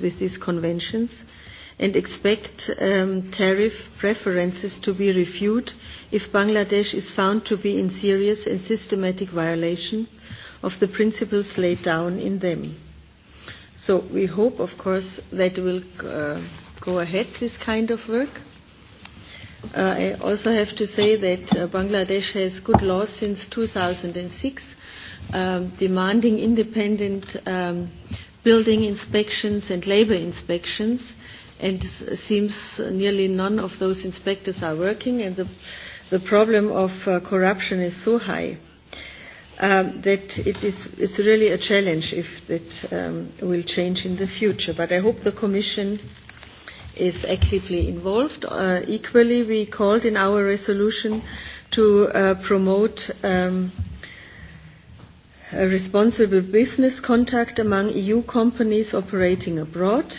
with these conventions and expect tariff preferences to be reviewed if Bangladesh is found to be in serious and systematic violation of the principles laid down in them. So we hope, of course, that will go ahead, this kind of work. I also have to say that Bangladesh has good laws since 2006 demanding independent building inspections and labor inspections, and it seems nearly none of those inspectors are working, and the, the problem of corruption is so high that it is it's really a challenge if that will change in the future. But I hope the Commission is actively involved. Equally, we called in our resolution to promote a responsible business contact among EU companies operating abroad,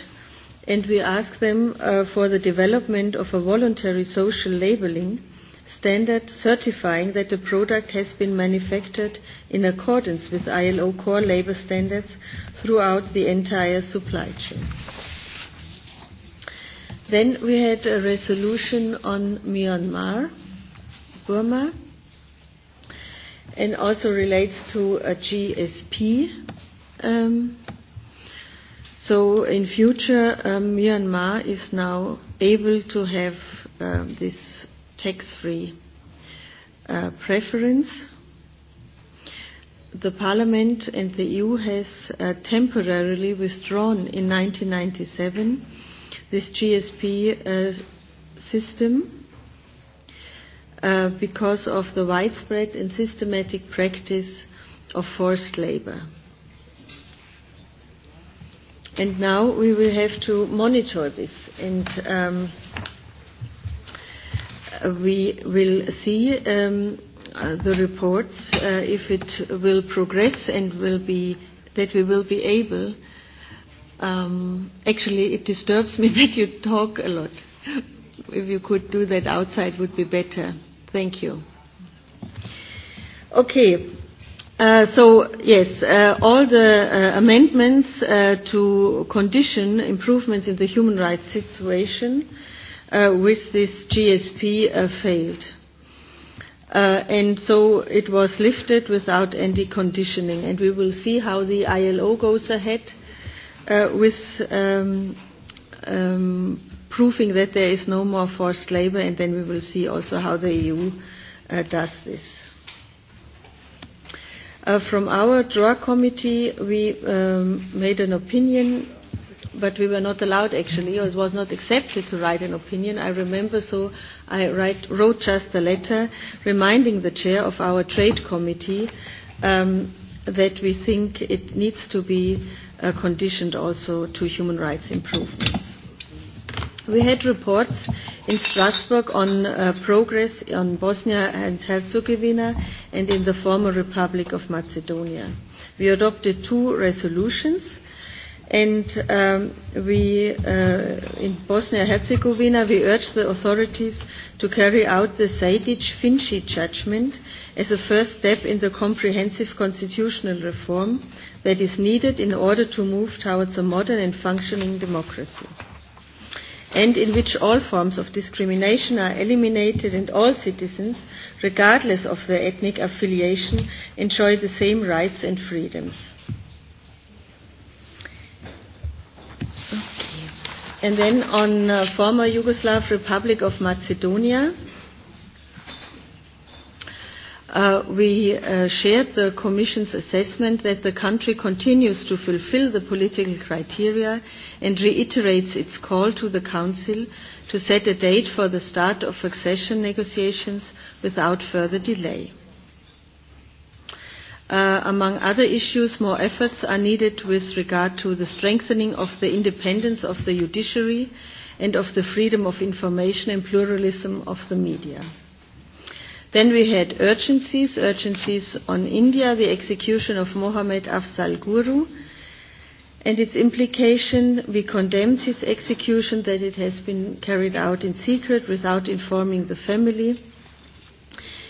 and we ask them for the development of a voluntary social labelling standard certifying that the product has been manufactured in accordance with ILO core labour standards throughout the entire supply chain. Then we had a resolution on Myanmar, Burma and also relates to a GSP. So in future, Myanmar is now able to have this tax-free preference. The Parliament and the EU has temporarily withdrawn in 1997 this GSP system because of the widespread and systematic practice of forced labor. And now we will have to monitor this, and we will see the reports if it will progress and will be that we will be able. Actually, it disturbs me that you talk a lot. If you could do that outside, would be better. Thank you. Okay. So yes, all the amendments to condition improvements in the human rights situation with this GSP failed, and so it was lifted without any conditioning. And we will see how the ILO goes ahead with proving that there is no more forced labor, and then we will see also how the EU does this. From our drug committee, we made an opinion, but we were not allowed actually, or it was not accepted to write an opinion. I remember, so I wrote just a letter reminding the chair of our trade committee that we think it needs to be conditioned also to human rights improvements. We had reports in Strasbourg on progress on Bosnia and Herzegovina and in the former Republic of Macedonia. We adopted two resolutions and we in Bosnia and Herzegovina we urged the authorities to carry out the Sejdic-Finci judgment as a first step in the comprehensive constitutional reform that is needed in order to move towards a modern and functioning democracy and in which all forms of discrimination are eliminated and all citizens, regardless of their ethnic affiliation, enjoy the same rights and freedoms. And then on former Yugoslav Republic of Macedonia We shared the Commission's assessment that the country continues to fulfil the political criteria and reiterates its call to the Council to set a date for the start of accession negotiations without further delay. Among other issues, more efforts are needed with regard to the strengthening of the independence of the judiciary and of the freedom of information and pluralism of the media. Then we had urgencies, urgencies on India, the execution of Mohammed Afzal Guru and its implication. We condemned his execution, that it has been carried out in secret without informing the family.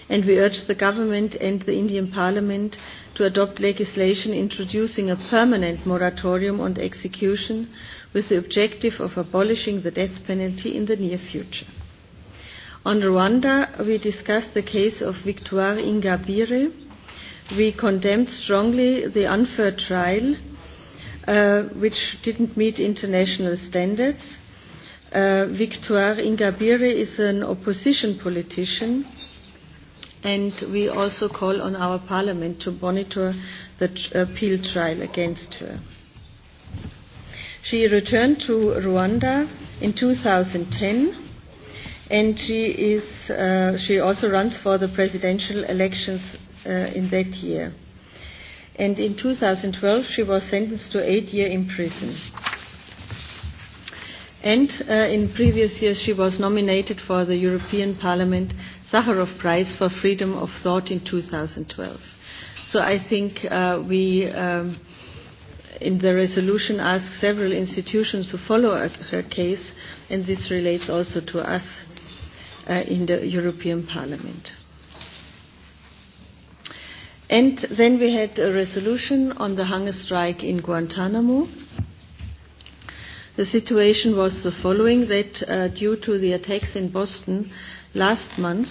And we urged the government and the Indian parliament to adopt legislation introducing a permanent moratorium on execution with the objective of abolishing the death penalty in the near future. On Rwanda, we discussed the case of Victoire Ingabire. We condemned strongly the unfair trial, which didn't meet international standards. Victoire Ingabire is an opposition politician, and we also call on our parliament to monitor the appeal trial against her. She returned to Rwanda in 2010 and she is she also runs for the presidential elections in that year. And in 2012 she was sentenced to eight years in prison. And in previous years she was nominated for the European Parliament Sakharov Prize for Freedom of Thought in 2012. So I think we in the resolution ask several institutions to follow her case and this relates also to us in the European Parliament. And then we had a resolution on the hunger strike in Guantanamo. The situation was the following, that due to the attacks in Boston last month,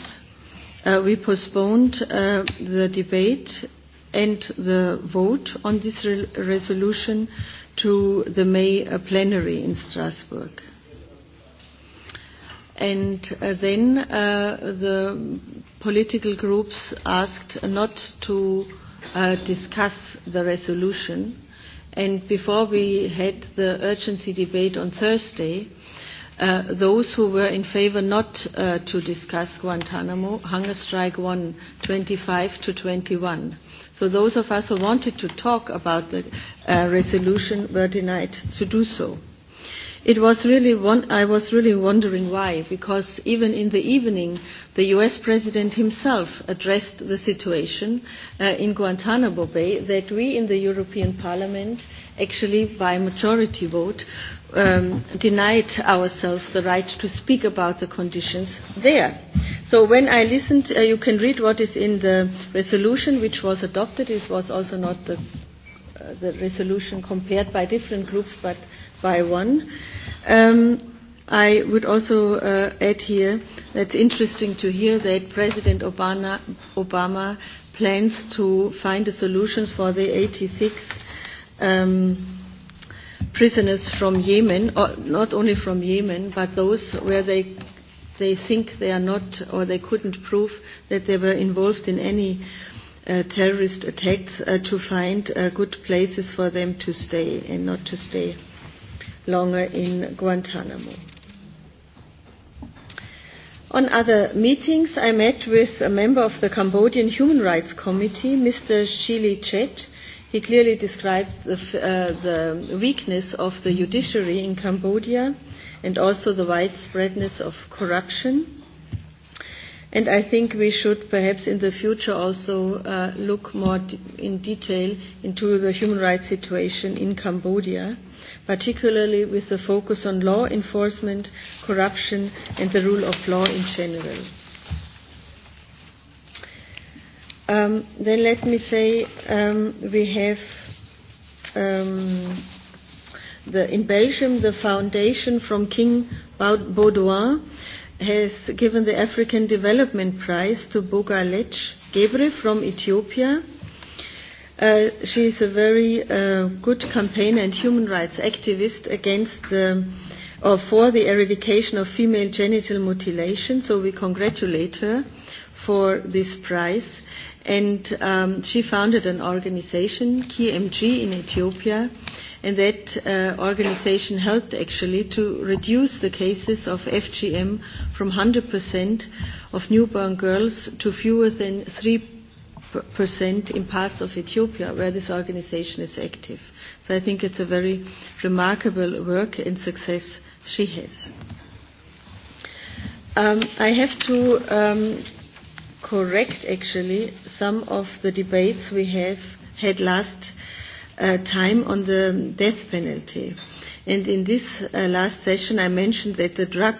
we postponed the debate and the vote on this resolution to the May plenary in Strasbourg and then the political groups asked not to discuss the resolution and before we had the urgency debate on Thursday those who were in favor not to discuss Guantanamo hunger strike 25 to 21 so those of us who wanted to talk about the resolution were denied to do so It was really one, I was really wondering why, because even in the evening, the U.S. President himself addressed the situation in Guantanamo Bay that we in the European Parliament, actually by majority vote, denied ourselves the right to speak about the conditions there. So when I listened, you can read what is in the resolution which was adopted. It was also not the resolution compared by different groups, but by one. I would also add here that it's interesting to hear that President Obama plans to find a solution for the 86 prisoners from Yemen, or not only from Yemen, but those where they they think they are not or they couldn't prove that they were involved in any terrorist attacks to find good places for them to stay and not to stay longer in Guantanamo. On other meetings, I met with a member of the Cambodian Human Rights Committee, Mr. Shili Chet. He clearly described the weakness of the judiciary in Cambodia and also the widespreadness of corruption. And I think we should perhaps in the future also look more in detail into the human rights situation in Cambodia particularly with the focus on law enforcement, corruption and the rule of law in general. Then let me say we have in Belgium the foundation from King Baudouin has given the African Development Prize to Bogalec Gebre from Ethiopia She is a very good campaigner and human rights activist against or for the eradication of female genital mutilation, so we congratulate her for this prize. And she founded an organization, KMG, in Ethiopia, and that organization helped actually to reduce the cases of FGM from 100% of newborn girls to fewer than 3 percent in parts of Ethiopia where this organization is active. So I think it's a very remarkable work and success she has. Um, I have to um, correct actually some of the debates we have had last time on the death penalty. And in this last session, I mentioned that the drug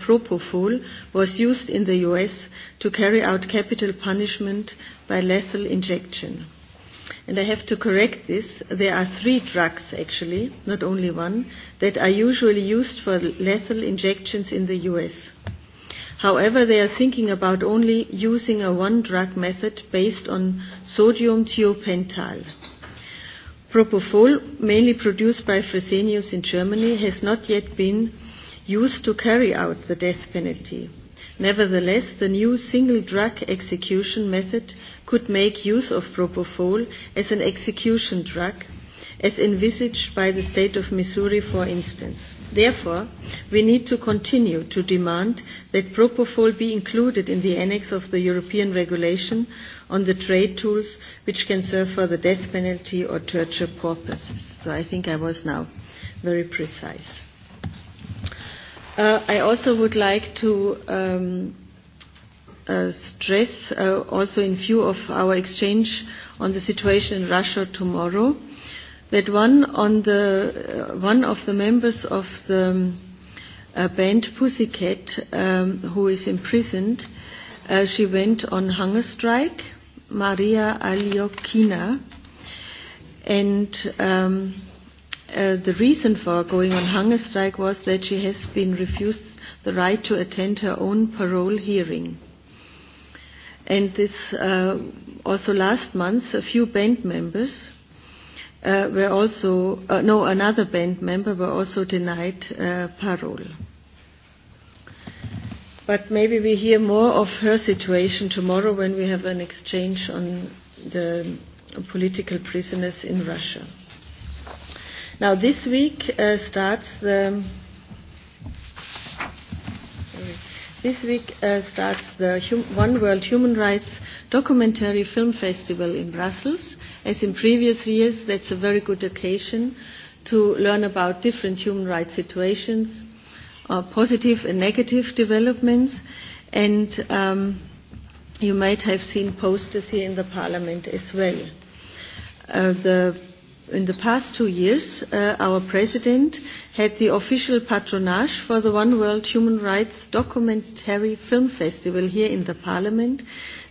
propofol was used in the U.S. to carry out capital punishment by lethal injection. And I have to correct this. There are three drugs, actually, not only one, that are usually used for lethal injections in the U.S. However, they are thinking about only using a one-drug method based on sodium thiopental. Propofol, mainly produced by Fresenius in Germany, has not yet been used to carry out the death penalty. Nevertheless, the new single drug execution method could make use of propofol as an execution drug as envisaged by the state of Missouri, for instance. Therefore, we need to continue to demand that propofol be included in the annex of the European regulation on the trade tools which can serve for the death penalty or torture purposes. So I think I was now very precise. I also would like to stress, also in view of our exchange on the situation in Russia tomorrow, that one on the one of the members of the band Pussycat who is imprisoned she went on hunger strike Maria Aliokina and the reason for going on hunger strike was that she has been refused the right to attend her own parole hearing. And this also last month, a few band members were also no another band member were also denied parole. But maybe we hear more of her situation tomorrow when we have an exchange on the political prisoners in Russia. Now this week starts the This week starts the One World Human Rights Documentary Film Festival in Brussels. As in previous years, that's a very good occasion to learn about different human rights situations, positive and negative developments, and you might have seen posters here in the Parliament as well. The In the past two years, our president had the official patronage for the One World Human Rights Documentary Film Festival here in the Parliament.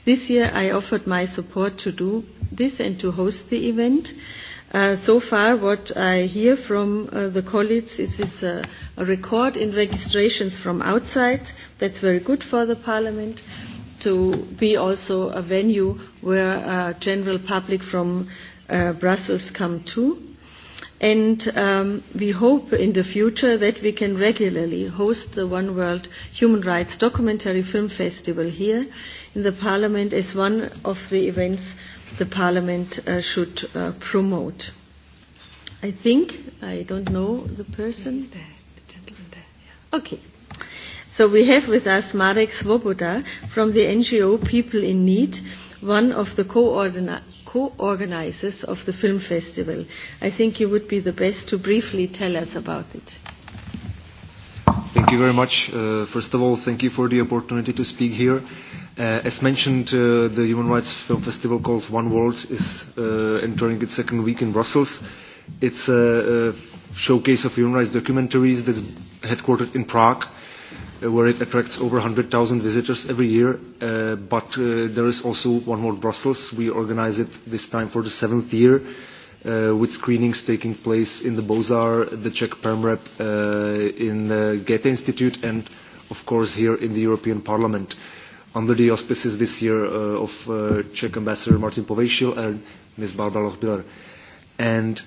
This year I offered my support to do this and to host the event. So far what I hear from the colleagues is a record in registrations from outside. That's very good for the Parliament to be also a venue where general public from Brussels come to. And we hope in the future that we can regularly host the One World Human Rights Documentary Film Festival here in the Parliament as one of the events the Parliament should promote. I think, I don't know the person. Okay. So we have with us Marek Svoboda from the NGO People in Need, one of the co-organizers of the film festival. I think you would be the best to briefly tell us about it. Thank you very much. First of all, thank you for the opportunity to speak here. As mentioned, the Human Rights Film Festival called One World is entering its second week in Brussels. It's a showcase of human rights documentaries that's headquartered in Prague where it attracts over 100,000 visitors every year. But there is also One more Brussels. We organize it this time for the seventh year, with screenings taking place in the Bozar, the Czech Permrep, in the Goethe Institute, and of course here in the European Parliament. Under the auspices this year of Czech Ambassador Martin Povasil and Ms. Barbara Lochbiller. And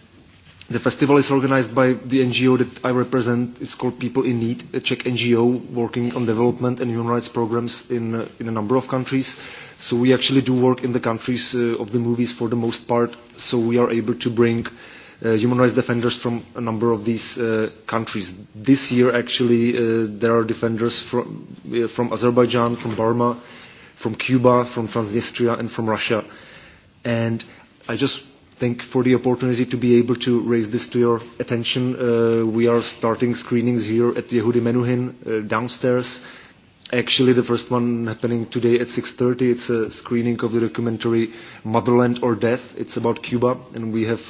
The festival is organized by the NGO that I represent. It's called People in Need, a Czech NGO working on development and human rights programs in a number of countries. So we actually do work in the countries of the movies for the most part. So we are able to bring human rights defenders from a number of these countries. This year, actually, there are defenders from from Azerbaijan, from Burma, from Cuba, from Transnistria, and from Russia. And I just thank for the opportunity to be able to raise this to your attention. We are starting screenings here at Yehudi Menuhin downstairs. Actually, the first one happening today at 6.30. It's a screening of the documentary Motherland or Death. It's about Cuba, and we have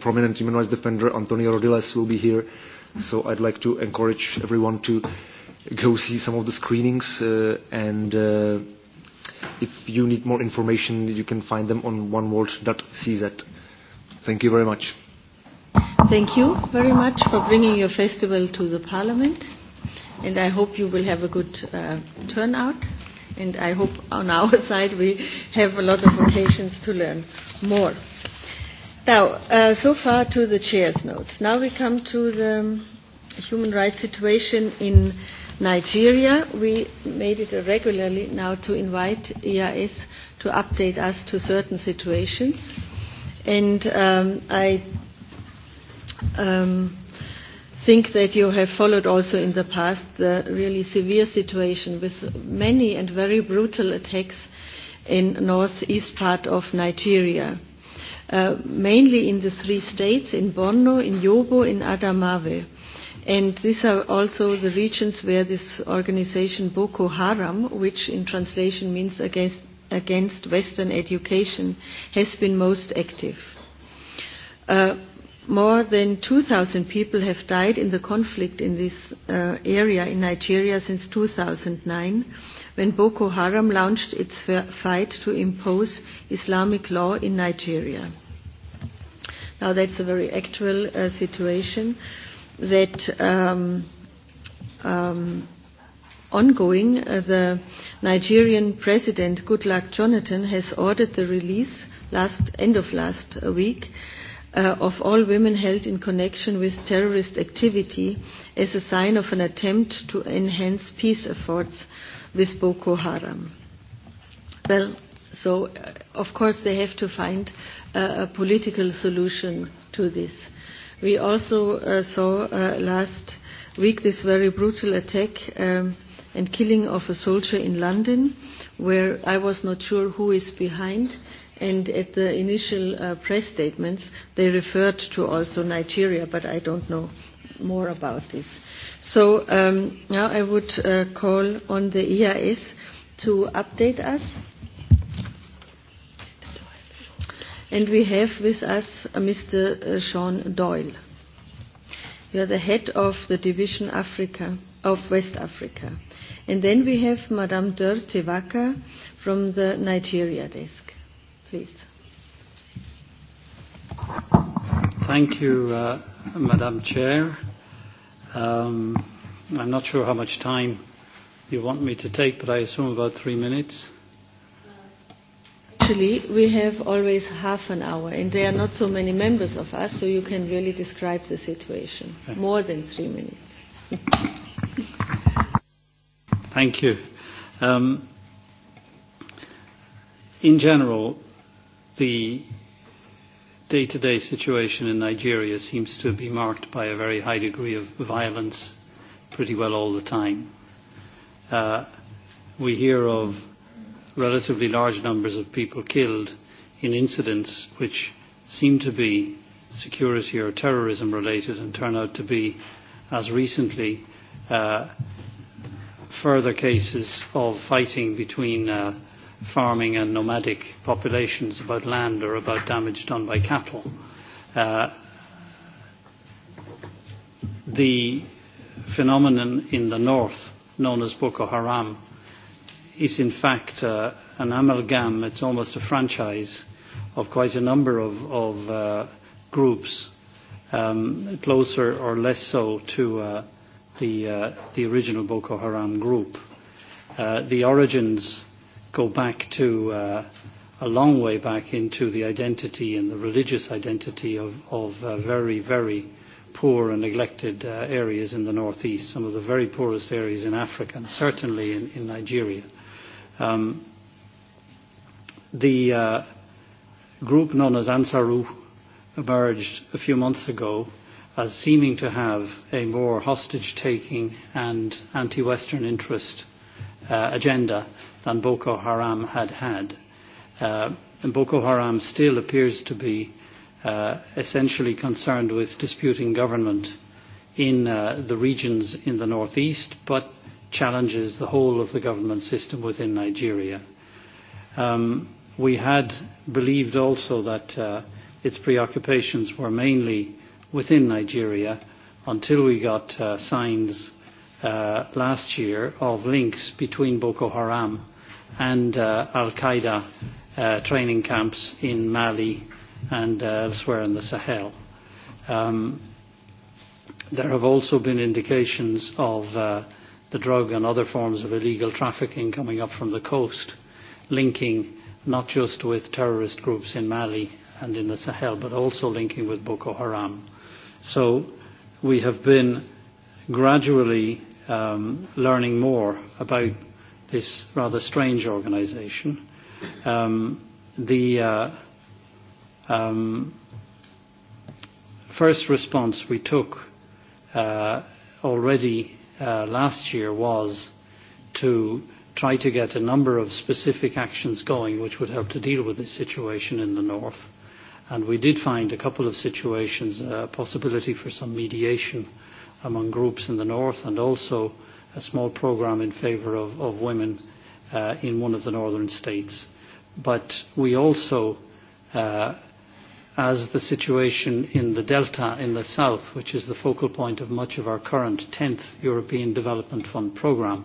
prominent human rights defender Antonio Rodiles will be here. So I'd like to encourage everyone to go see some of the screenings and If you need more information, you can find them on oneworld.cz. Thank you very much. Thank you very much for bringing your festival to the Parliament, and I hope you will have a good turnout. And I hope on our side we have a lot of occasions to learn more. Now, so far to the chair's notes. Now we come to the human rights situation in Nigeria. We made it regularly now to invite EIS to update us to certain situations. And I think that you have followed also in the past the really severe situation with many and very brutal attacks in northeast part of Nigeria, mainly in the three states, in Borno, in Yobo, in Adamawa. And these are also the regions where this organization Boko Haram, which in translation means against, against Western education, has been most active. more than 2,000 people have died in the conflict in this area in Nigeria since 2009, when Boko Haram launched its fight to impose Islamic law in Nigeria. Now that's a very actual situation that ongoing, the Nigerian President Goodluck Jonathan has ordered the release last end of last week of all women held in connection with terrorist activity as a sign of an attempt to enhance peace efforts with Boko Haram. Well, so of course they have to find a political solution to this. We also saw last week this very brutal attack and killing of a soldier in London, where I was not sure who is behind. And at the initial press statements, they referred to also Nigeria, but I don't know more about this. So now I would call on the EIS to update us and we have with us Mr. Sean Doyle. You are the head of the Division Africa of West Africa. And then we have Madame Dur Tewaka from the Nigeria desk. Please. Thank you, Madam Chair. Um, I'm not sure how much time you want me to take, but I assume about three minutes. Actually, we have always half an hour, and there are not so many members of us, so you can really describe the situation. More than three minutes. Thank you. in general, the day-to-day situation in Nigeria seems to be marked by a very high degree of violence pretty well all the time. we hear of relatively large numbers of people killed in incidents which seem to be security or terrorism related and turn out to be, as recently, further cases of fighting between farming and nomadic populations about land or about damage done by cattle. The phenomenon in the north, known as Boko Haram, is in fact an amalgam, it's almost a franchise of quite a number of groups, closer or less so to the original Boko Haram group. The origins go back to a long way back into the identity and the religious identity of very, very poor and neglected areas in the northeast, some of the very poorest areas in Africa and certainly in Nigeria. The group known as Ansaru emerged a few months ago as seeming to have a more hostage-taking and anti-Western interest agenda than Boko Haram had had. Boko Haram still appears to be essentially concerned with disputing government in the regions in the northeast, but challenges the whole of the government system within Nigeria. We had believed also that its preoccupations were mainly within Nigeria until we got signs last year of links between Boko Haram and Al-Qaeda training camps in Mali and elsewhere in the Sahel. There have also been indications of the drug and other forms of illegal trafficking coming up from the coast, linking not just with terrorist groups in Mali and in the Sahel, but also linking with Boko Haram. So we have been gradually learning more about this rather strange organisation. The first response we took already last year was to try to get a number of specific actions going which would help to deal with this situation in the north. And we did find a couple of situations, a possibility for some mediation among groups in the north and also a small program in favour of women in one of the northern states. But we also as the situation in the delta in the south, which is the focal point of much of our current 10th European Development Fund programme,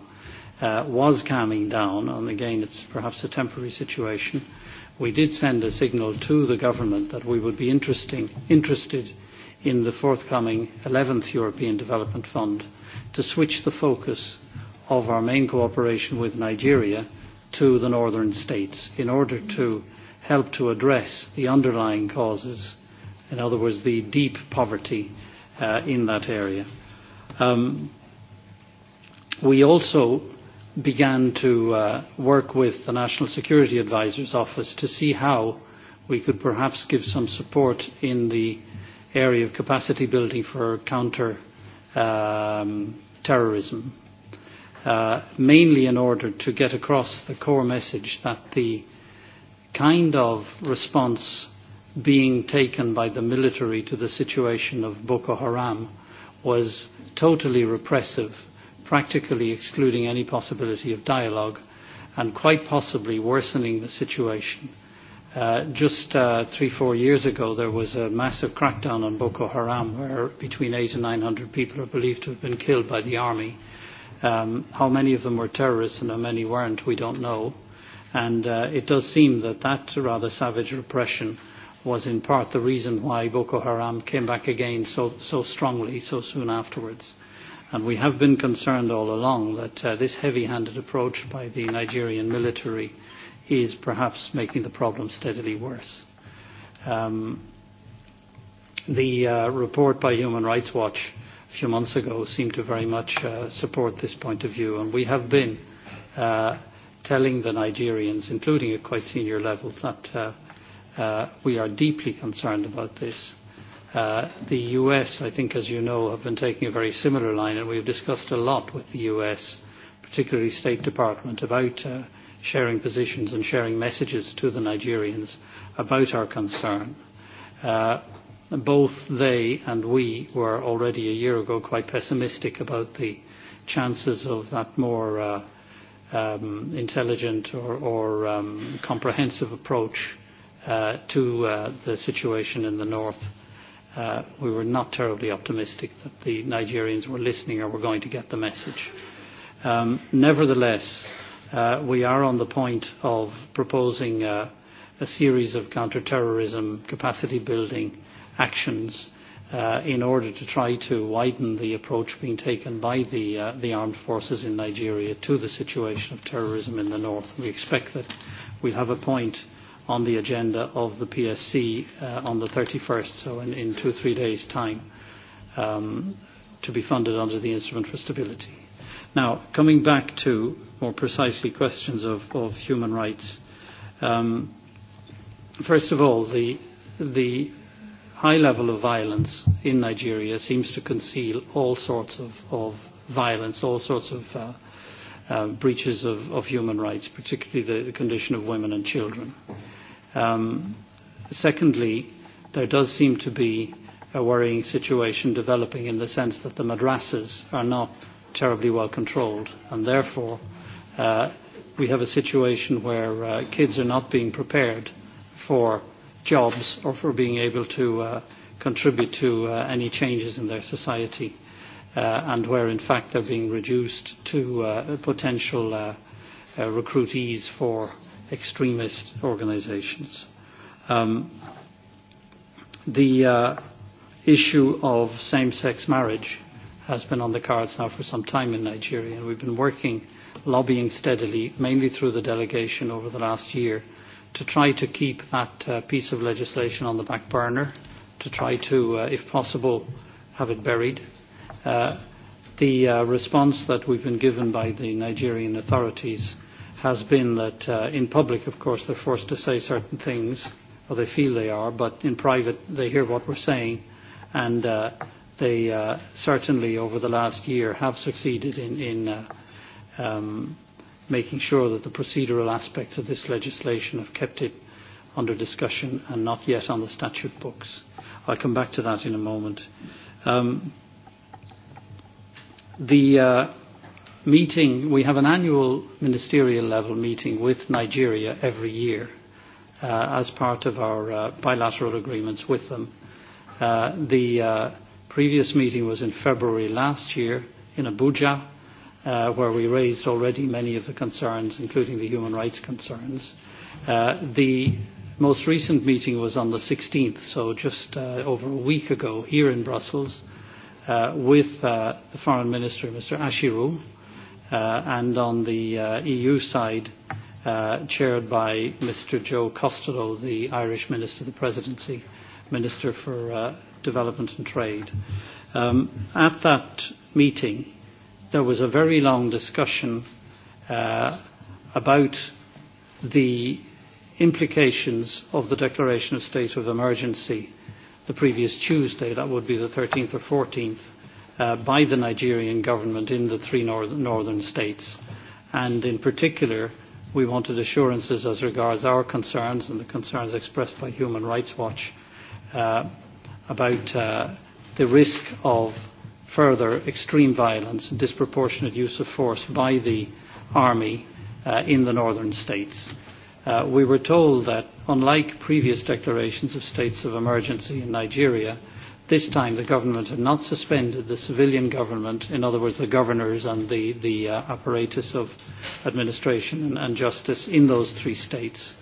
was calming down. And again, it's perhaps a temporary situation. We did send a signal to the government that we would be interested in the forthcoming 11th European Development Fund to switch the focus of our main cooperation with Nigeria to the northern states in order to help to address the underlying causes, in other words, the deep poverty in that area. We also began to work with the National Security Advisor's Office to see how we could perhaps give some support in the area of capacity building for counter terrorism, mainly in order to get across the core message that the kind of response being taken by the military to the situation of Boko Haram was totally repressive, practically excluding any possibility of dialogue and quite possibly worsening the situation. Just three, four years ago there was a massive crackdown on Boko Haram where between eight and 900 people are believed to have been killed by the army. How many of them were terrorists and how many weren't, we don't know And it does seem that that rather savage repression was in part the reason why Boko Haram came back again so strongly so soon afterwards. And we have been concerned all along that this heavy-handed approach by the Nigerian military is perhaps making the problem steadily worse. The report by Human Rights Watch a few months ago seemed to very much support this point of view, and we have been telling the Nigerians, including at quite senior levels, that we are deeply concerned about this. The US, I think, as you know, have been taking a very similar line, and we have discussed a lot with the US, particularly State Department, about sharing positions and sharing messages to the Nigerians about our concern. Both they and we were already a year ago quite pessimistic about the chances of that more intelligent or comprehensive approach to the situation in the north. We were not terribly optimistic that the Nigerians were listening or were going to get the message. Nevertheless, we are on the point of proposing a series of counter-terrorism capacity building actions in order to try to widen the approach being taken by the armed forces in Nigeria to the situation of terrorism in the north. We expect that we'll have a point on the agenda of the PSC on the 31st, so in two or three days' time, to be funded under the Instrument for Stability. Now, coming back to more precisely questions of human rights. First of all, the high level of violence in Nigeria seems to conceal all sorts of violence, all sorts of breaches of human rights, particularly the condition of women and children. Secondly, there does seem to be a worrying situation developing in the sense that the madrasas are not terribly well controlled and therefore we have a situation where kids are not being prepared for jobs or for being able to contribute to any changes in their society and where in fact they're being reduced to potential recruitees for extremist organisations. The issue of same-sex marriage has been on the cards now for some time in Nigeria and we've been working, lobbying steadily, mainly through the delegation over the last year to try to keep that piece of legislation on the back burner, to try to, if possible, have it buried. The response that we've been given by the Nigerian authorities has been that in public, of course, they're forced to say certain things, or they feel they are, but in private they hear what we're saying, and they certainly over the last year have succeeded in making sure that the procedural aspects of this legislation have kept it under discussion and not yet on the statute books. I'll come back to that in a moment. The meeting, we have an annual ministerial level meeting with Nigeria every year as part of our bilateral agreements with them. The previous meeting was in February last year in Abuja where we raised already many of the concerns, including the human rights concerns. The most recent meeting was on the 16th, so just over a week ago, here in Brussels, with the Foreign Minister, Mr. Ashiru and on the EU side, chaired by Mr. Joe Costello, the Irish Minister of the Presidency, Minister for Development and Trade. At that meeting, there was a very long discussion about the implications of the declaration of state of emergency the previous Tuesday, that would be the 13th or 14th, by the Nigerian government in the three northern states. And in particular, we wanted assurances as regards our concerns and the concerns expressed by Human Rights Watch about the risk of further extreme violence and disproportionate use of force by the army in the northern states. We were told that, unlike previous declarations of states of emergency in Nigeria, this time the government had not suspended the civilian government, in other words the governors and the apparatus of administration and justice in those three states.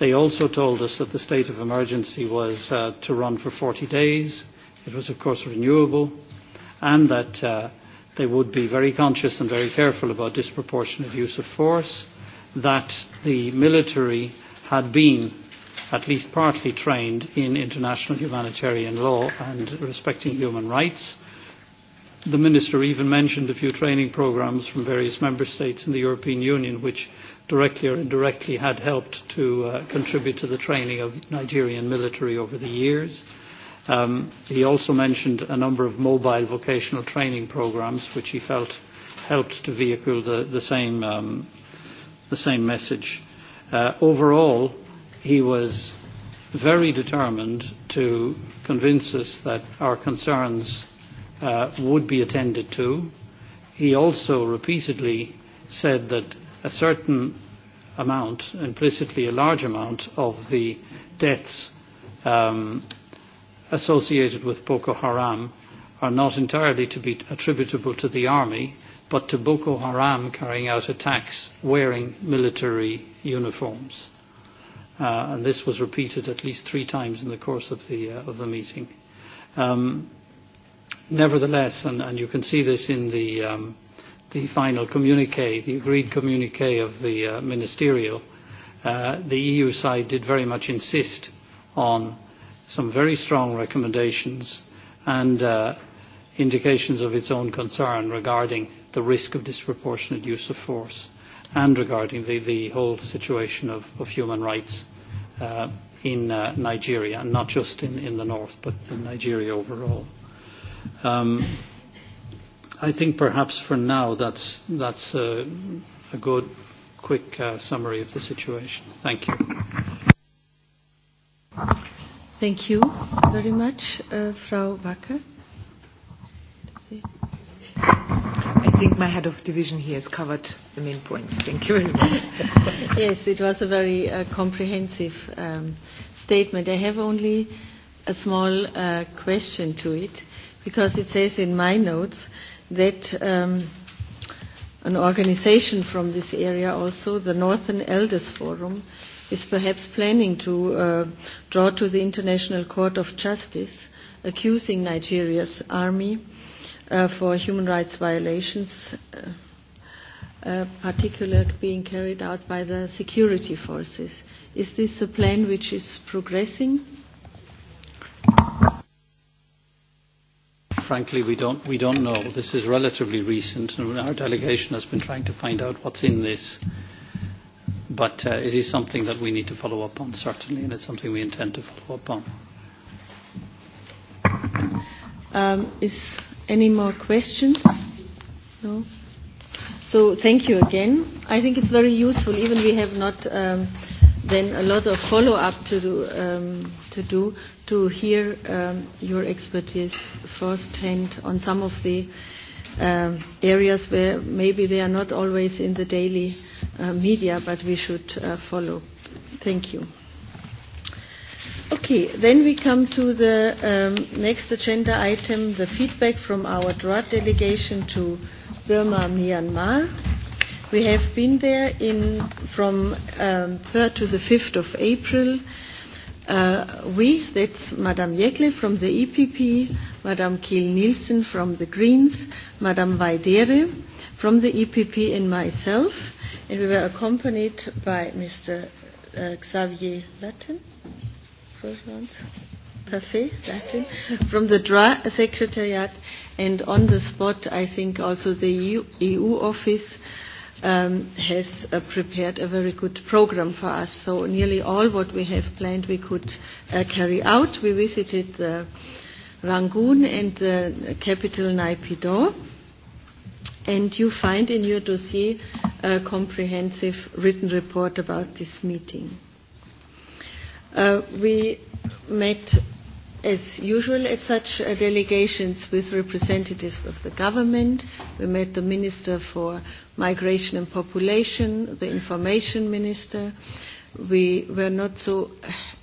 They also told us that the state of emergency was to run for 40 days. It was, of course, renewable and that they would be very conscious and very careful about disproportionate use of force, that the military had been at least partly trained in international humanitarian law and respecting human rights. The Minister even mentioned a few training programmes from various Member States in the European Union which directly or indirectly had helped to contribute to the training of Nigerian military over the years. He also mentioned a number of mobile vocational training programs, which he felt helped to vehicle the same message. Overall, he was very determined to convince us that our concerns would be attended to. He also repeatedly said that a certain amount, implicitly a large amount, of the deaths associated with Boko Haram are not entirely to be attributable to the army, but to Boko Haram carrying out attacks wearing military uniforms. And this was repeated at least three times in the course of the meeting. Nevertheless, and you can see this in the the final communique, the agreed communique of the ministerial, the EU side did very much insist on some very strong recommendations and indications of its own concern regarding the risk of disproportionate use of force and regarding the whole situation of human rights in Nigeria, and not just in the north, but in Nigeria overall. I think perhaps for now that's that's a good, quick summary of the situation. Thank you. Thank you very much, Frau Wacker. I think my head of division here has covered the main points. Thank you very much. Yes, it was a very comprehensive statement. I have only a small question to it, because it says in my notes that an organization from this area also, the Northern Elders Forum, is perhaps planning to draw to the International Court of Justice, accusing Nigeria's army for human rights violations, particularly being carried out by the security forces. Is this a plan which is progressing? Frankly, we don't we don't know. This is relatively recent, and our delegation has been trying to find out what's in this. But it is something that we need to follow up on, certainly, and it's something we intend to follow up on. Is any more questions? No? So thank you again. I think it's very useful, even we have not then a lot of follow-up to do, to hear your expertise firsthand on some of the areas where maybe they are not always in the daily media, but we should follow. Thank you. Okay, then we come to the next agenda item, the feedback from our DROAD delegation to Burma, Myanmar. We have been there in from 3rd to the 5th of April. We, that's Madame Yekle from the EPP, Madame Kiel-Nielsen from the Greens, Madame Vaidere from the EPP and myself, and we were accompanied by Mr. Xavier Latin, Latin, from the DRA Secretariat, and on the spot, I think also the EU office has prepared a very good program for us. So nearly all what we have planned we could carry out. We visited the Rangoon and the capital Naypyidaw. And you find in your dossier a comprehensive written report about this meeting. We met, as usual, at such delegations with representatives of the government. We met the Minister for Migration and Population, the Information Minister, We were not so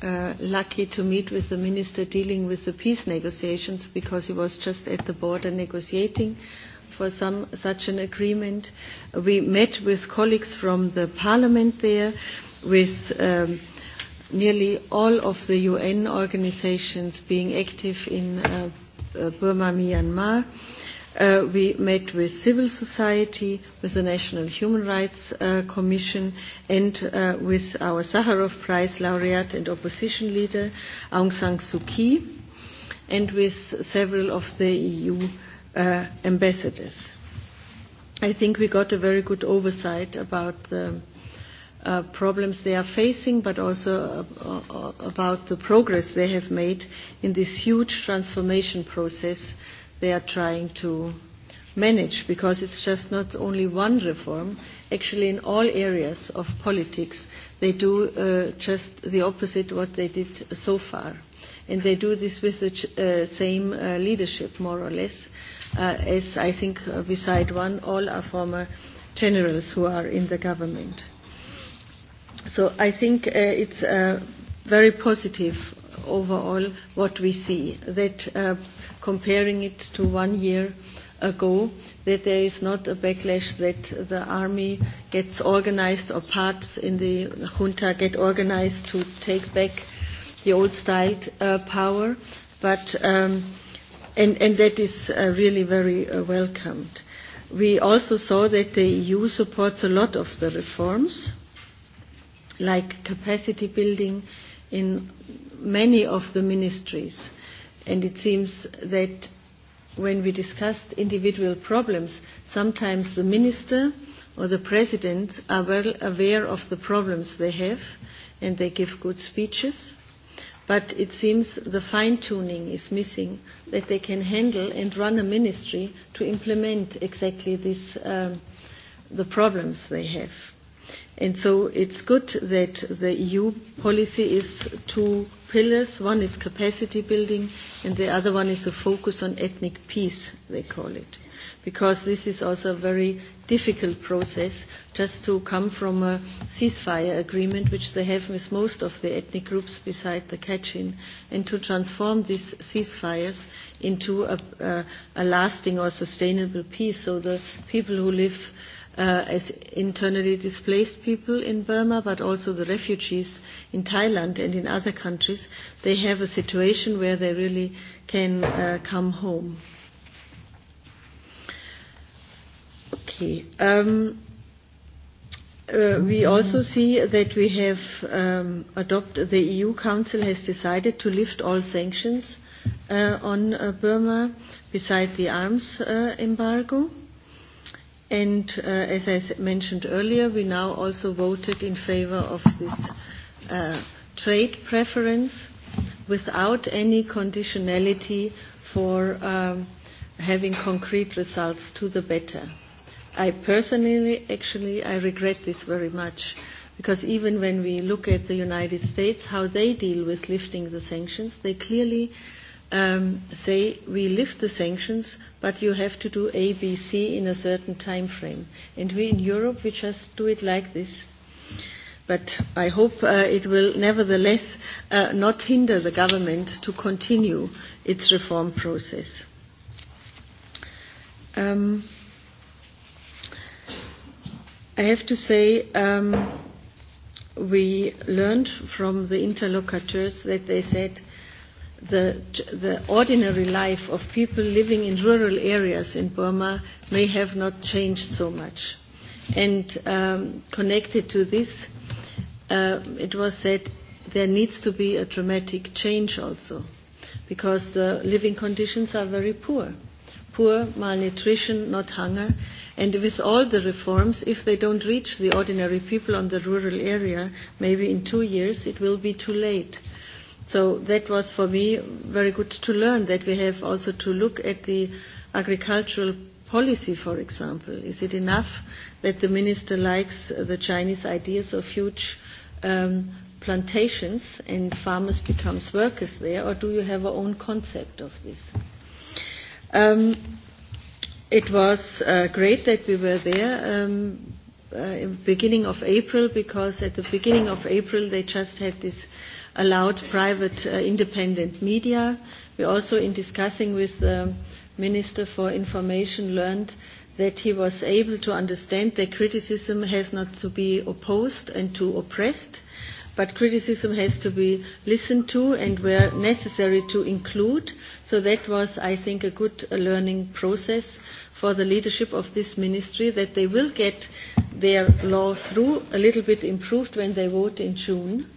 lucky to meet with the minister dealing with the peace negotiations because he was just at the border negotiating for some such an agreement. We met with colleagues from the parliament there, with nearly all of the UN organizations being active in Burma, Myanmar. We met with civil society, with the National Human Rights Commission and with our Sakharov Prize laureate and opposition leader Aung San Suu Kyi and with several of the EU ambassadors. I think we got a very good oversight about the problems they are facing, but also about the progress they have made in this huge transformation process they are trying to manage because it's just not only one reform. Actually, in all areas of politics, they do just the opposite what they did so far. And they do this with the same leadership, more or less, as I think beside one, all are former generals who are in the government. So I think it's very positive overall what we see, that comparing it to one year ago, that there is not a backlash that the army gets organized or parts in the junta get organized to take back the old style power, but and that is really very welcomed. We also saw that the EU supports a lot of the reforms, like capacity building in many of the ministries and it seems that when we discussed individual problems, sometimes the minister or the president are well aware of the problems they have and they give good speeches. But it seems the fine-tuning is missing, that they can handle and run a ministry to implement exactly this, the problems they have. And so it's good that the EU policy is to pillars. One is capacity building and the other one is a focus on ethnic peace, they call it. Because this is also a very difficult process just to come from a ceasefire agreement which they have with most of the ethnic groups beside the Kachin and to transform these ceasefires into a lasting or sustainable peace so the people who live as internally displaced people in Burma, but also the refugees in Thailand and in other countries, they have a situation where they really can come home. Okay. We also see that we have adopted, the EU Council has decided to lift all sanctions on Burma beside the arms embargo. And as I mentioned earlier, we now also voted in favor of this trade preference without any conditionality for having concrete results to the better. I personally, actually, I regret this very much because even when we look at the United States, how they deal with lifting the sanctions, they clearly say we lift the sanctions but you have to do A, B, C in a certain time frame. And we in Europe, we just do it like this. But I hope it will nevertheless not hinder the government to continue its reform process. Um, I have to say um, we learned from the interlocutors that they said the, the ordinary life of people living in rural areas in Burma may have not changed so much. And connected to this, it was said there needs to be a dramatic change also, because the living conditions are very poor. Poor, malnutrition, not hunger. And with all the reforms, if they don't reach the ordinary people on the rural area, maybe in two years it will be too late. So that was for me very good to learn that we have also to look at the agricultural policy, for example. Is it enough that the minister likes the Chinese ideas of huge plantations and farmers become workers there, or do you have your own concept of this? It was great that we were there in the beginning of April because at the beginning of April they just had this allowed private independent media. We also, in discussing with the Minister for Information, learned that he was able to understand that criticism has not to be opposed and to oppressed, but criticism has to be listened to and where necessary to include. So that was, I think, a good learning process for the leadership of this ministry, that they will get their law through a little bit improved when they vote in June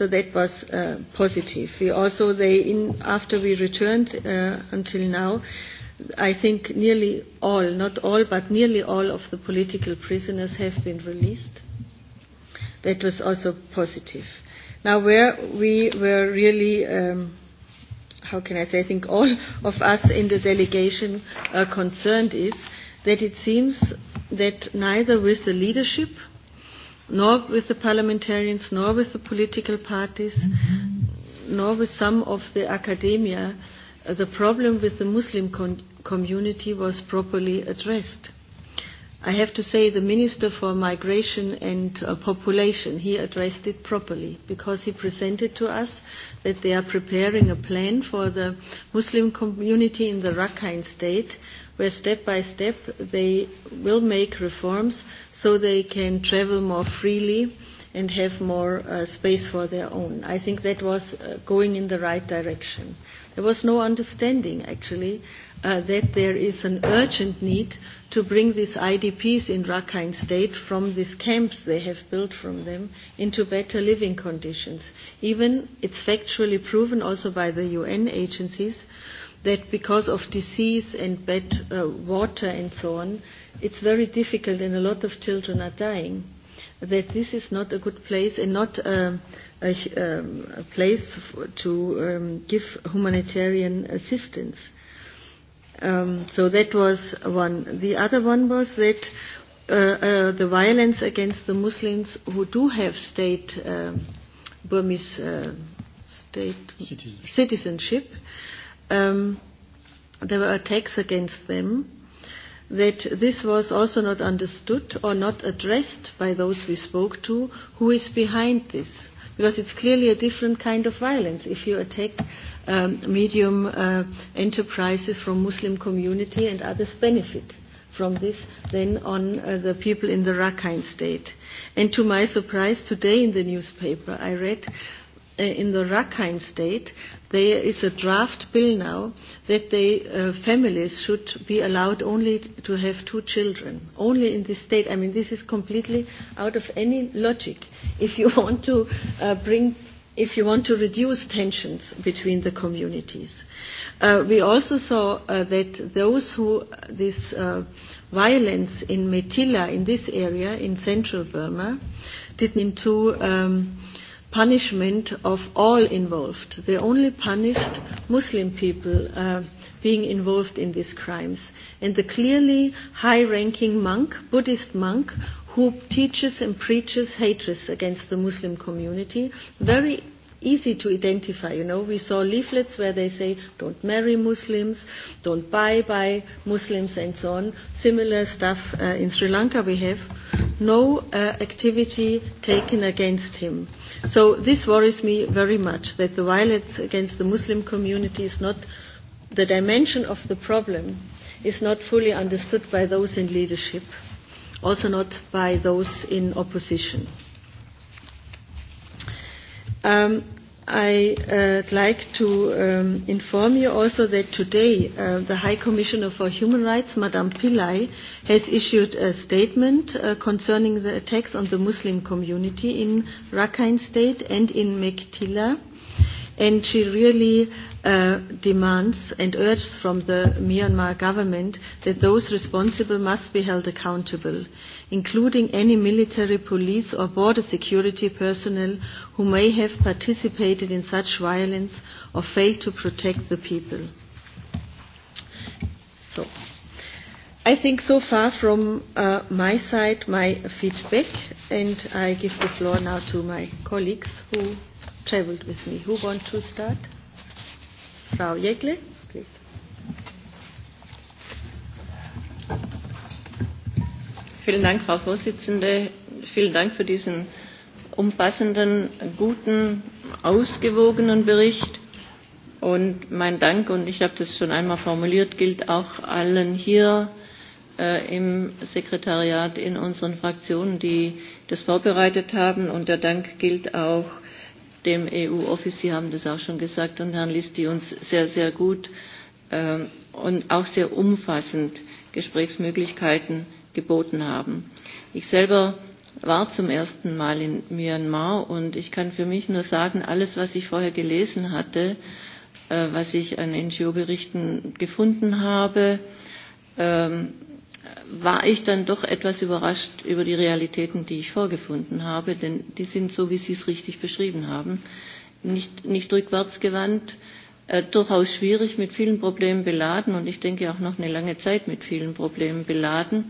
So that was positive. We also, they, after we returned until now, I think nearly all, not all, but nearly all of the political prisoners have been released. That was also positive. Now, where we were really, how can I say, I think all of us in the delegation are concerned is that it seems that neither with the leadership nor with the parliamentarians, nor with the political parties, nor with some of the academia, the problem with the Muslim community was properly addressed. I have to say the Minister for Migration and Population, he addressed it properly because he presented to us that they are preparing a plan for the Muslim community in the Rakhine state where step by step they will make reforms so they can travel more freely and have more space for their own. I think that was going in the right direction. There was no understanding, actually, that there is an urgent need to bring these IDPs in Rakhine State from these camps they have built from them into better living conditions. Even it's factually proven also by the UN agencies that because of disease and bad water and so on, it's very difficult and a lot of children are dying. That this is not a good place and not a place to give humanitarian assistance. So that was one. The other one was that the violence against the Muslims who do have state Burmese state citizenship there were attacks against them, that this was also not understood or not addressed by those we spoke to, who is behind this. Because it's clearly a different kind of violence. If you attack medium enterprises from Muslim community and others benefit from this than on the people in the Rakhine state. And to my surprise, today in the newspaper I read in the Rakhine state There is a draft bill now that they, families should be allowed only to have two children, only in this state. I mean, this is completely out of any logic. If you want to bring, if you want to reduce tensions between the communities, we also saw that those who this violence in Metila, in this area in central Burma, did into punishment of all involved. They only punished Muslim people being involved in these crimes. And the clearly high-ranking monk, Buddhist monk, who teaches and preaches hatred against the Muslim community, very easy to identify. You know, we saw leaflets where they say don't marry Muslims, don't buy by Muslims and so on. Similar stuff in Sri Lanka we have. No activity taken against him. So this worries me very much that the violence against the Muslim community is not the dimension of the problem is not fully understood by those in leadership, also not by those in opposition. I'd like to inform you also that today the High Commissioner for Human Rights, Madame Pillay, has issued a statement concerning the attacks on the Muslim community in Rakhine State and in Mektila. And she really demands and urges from the Myanmar government that those responsible must be held accountable including any military, police or border security personnel who may have participated in such violence or failed to protect the people. So, I think so far from my side my feedback and I give the floor now to my colleagues who traveled with me. Who want to start? Frau Jekle? Vielen Dank, Frau Vorsitzende. Vielen Dank für diesen umfassenden, guten, ausgewogenen Bericht. Und mein Dank, und ich habe das schon einmal formuliert, gilt auch allen hier im Sekretariat in unseren Fraktionen, die das vorbereitet haben. Und der Dank gilt auch dem EU-Office, Sie haben das auch schon gesagt, und Herrn List, die uns sehr, sehr gut und auch sehr umfassend Gesprächsmöglichkeiten geboten haben. Ich selber war zum ersten Mal in Myanmar und ich kann für mich nur sagen, alles, was ich vorher gelesen hatte, was ich an NGO-Berichten gefunden habe, war ich dann doch etwas überrascht über die Realitäten, die ich vorgefunden habe, denn die sind so, wie Sie es richtig beschrieben haben, nicht, nicht rückwärts gewandt, durchaus schwierig, mit vielen Problemen beladen und ich denke auch noch eine lange Zeit mit vielen Problemen beladen.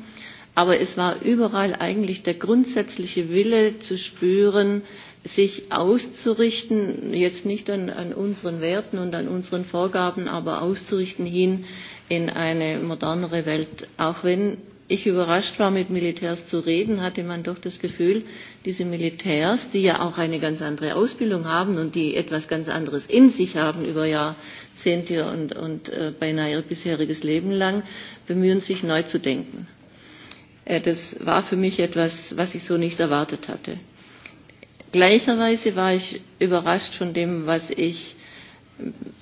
Aber es war überall eigentlich der grundsätzliche Wille zu spüren, sich auszurichten, jetzt nicht an, unseren Werten und an unseren Vorgaben, aber auszurichten hin in eine modernere Welt. Auch wenn ich überrascht war, mit Militärs zu reden, hatte man doch das Gefühl, diese Militärs, die ja auch eine ganz andere Ausbildung haben und die etwas ganz anderes in sich haben über Jahrzehnte und, und beinahe ihr bisheriges Leben lang, bemühen sich neu zu denken. Das war für mich etwas, was ich so nicht erwartet hatte. Gleicherweise war ich überrascht von dem, was ich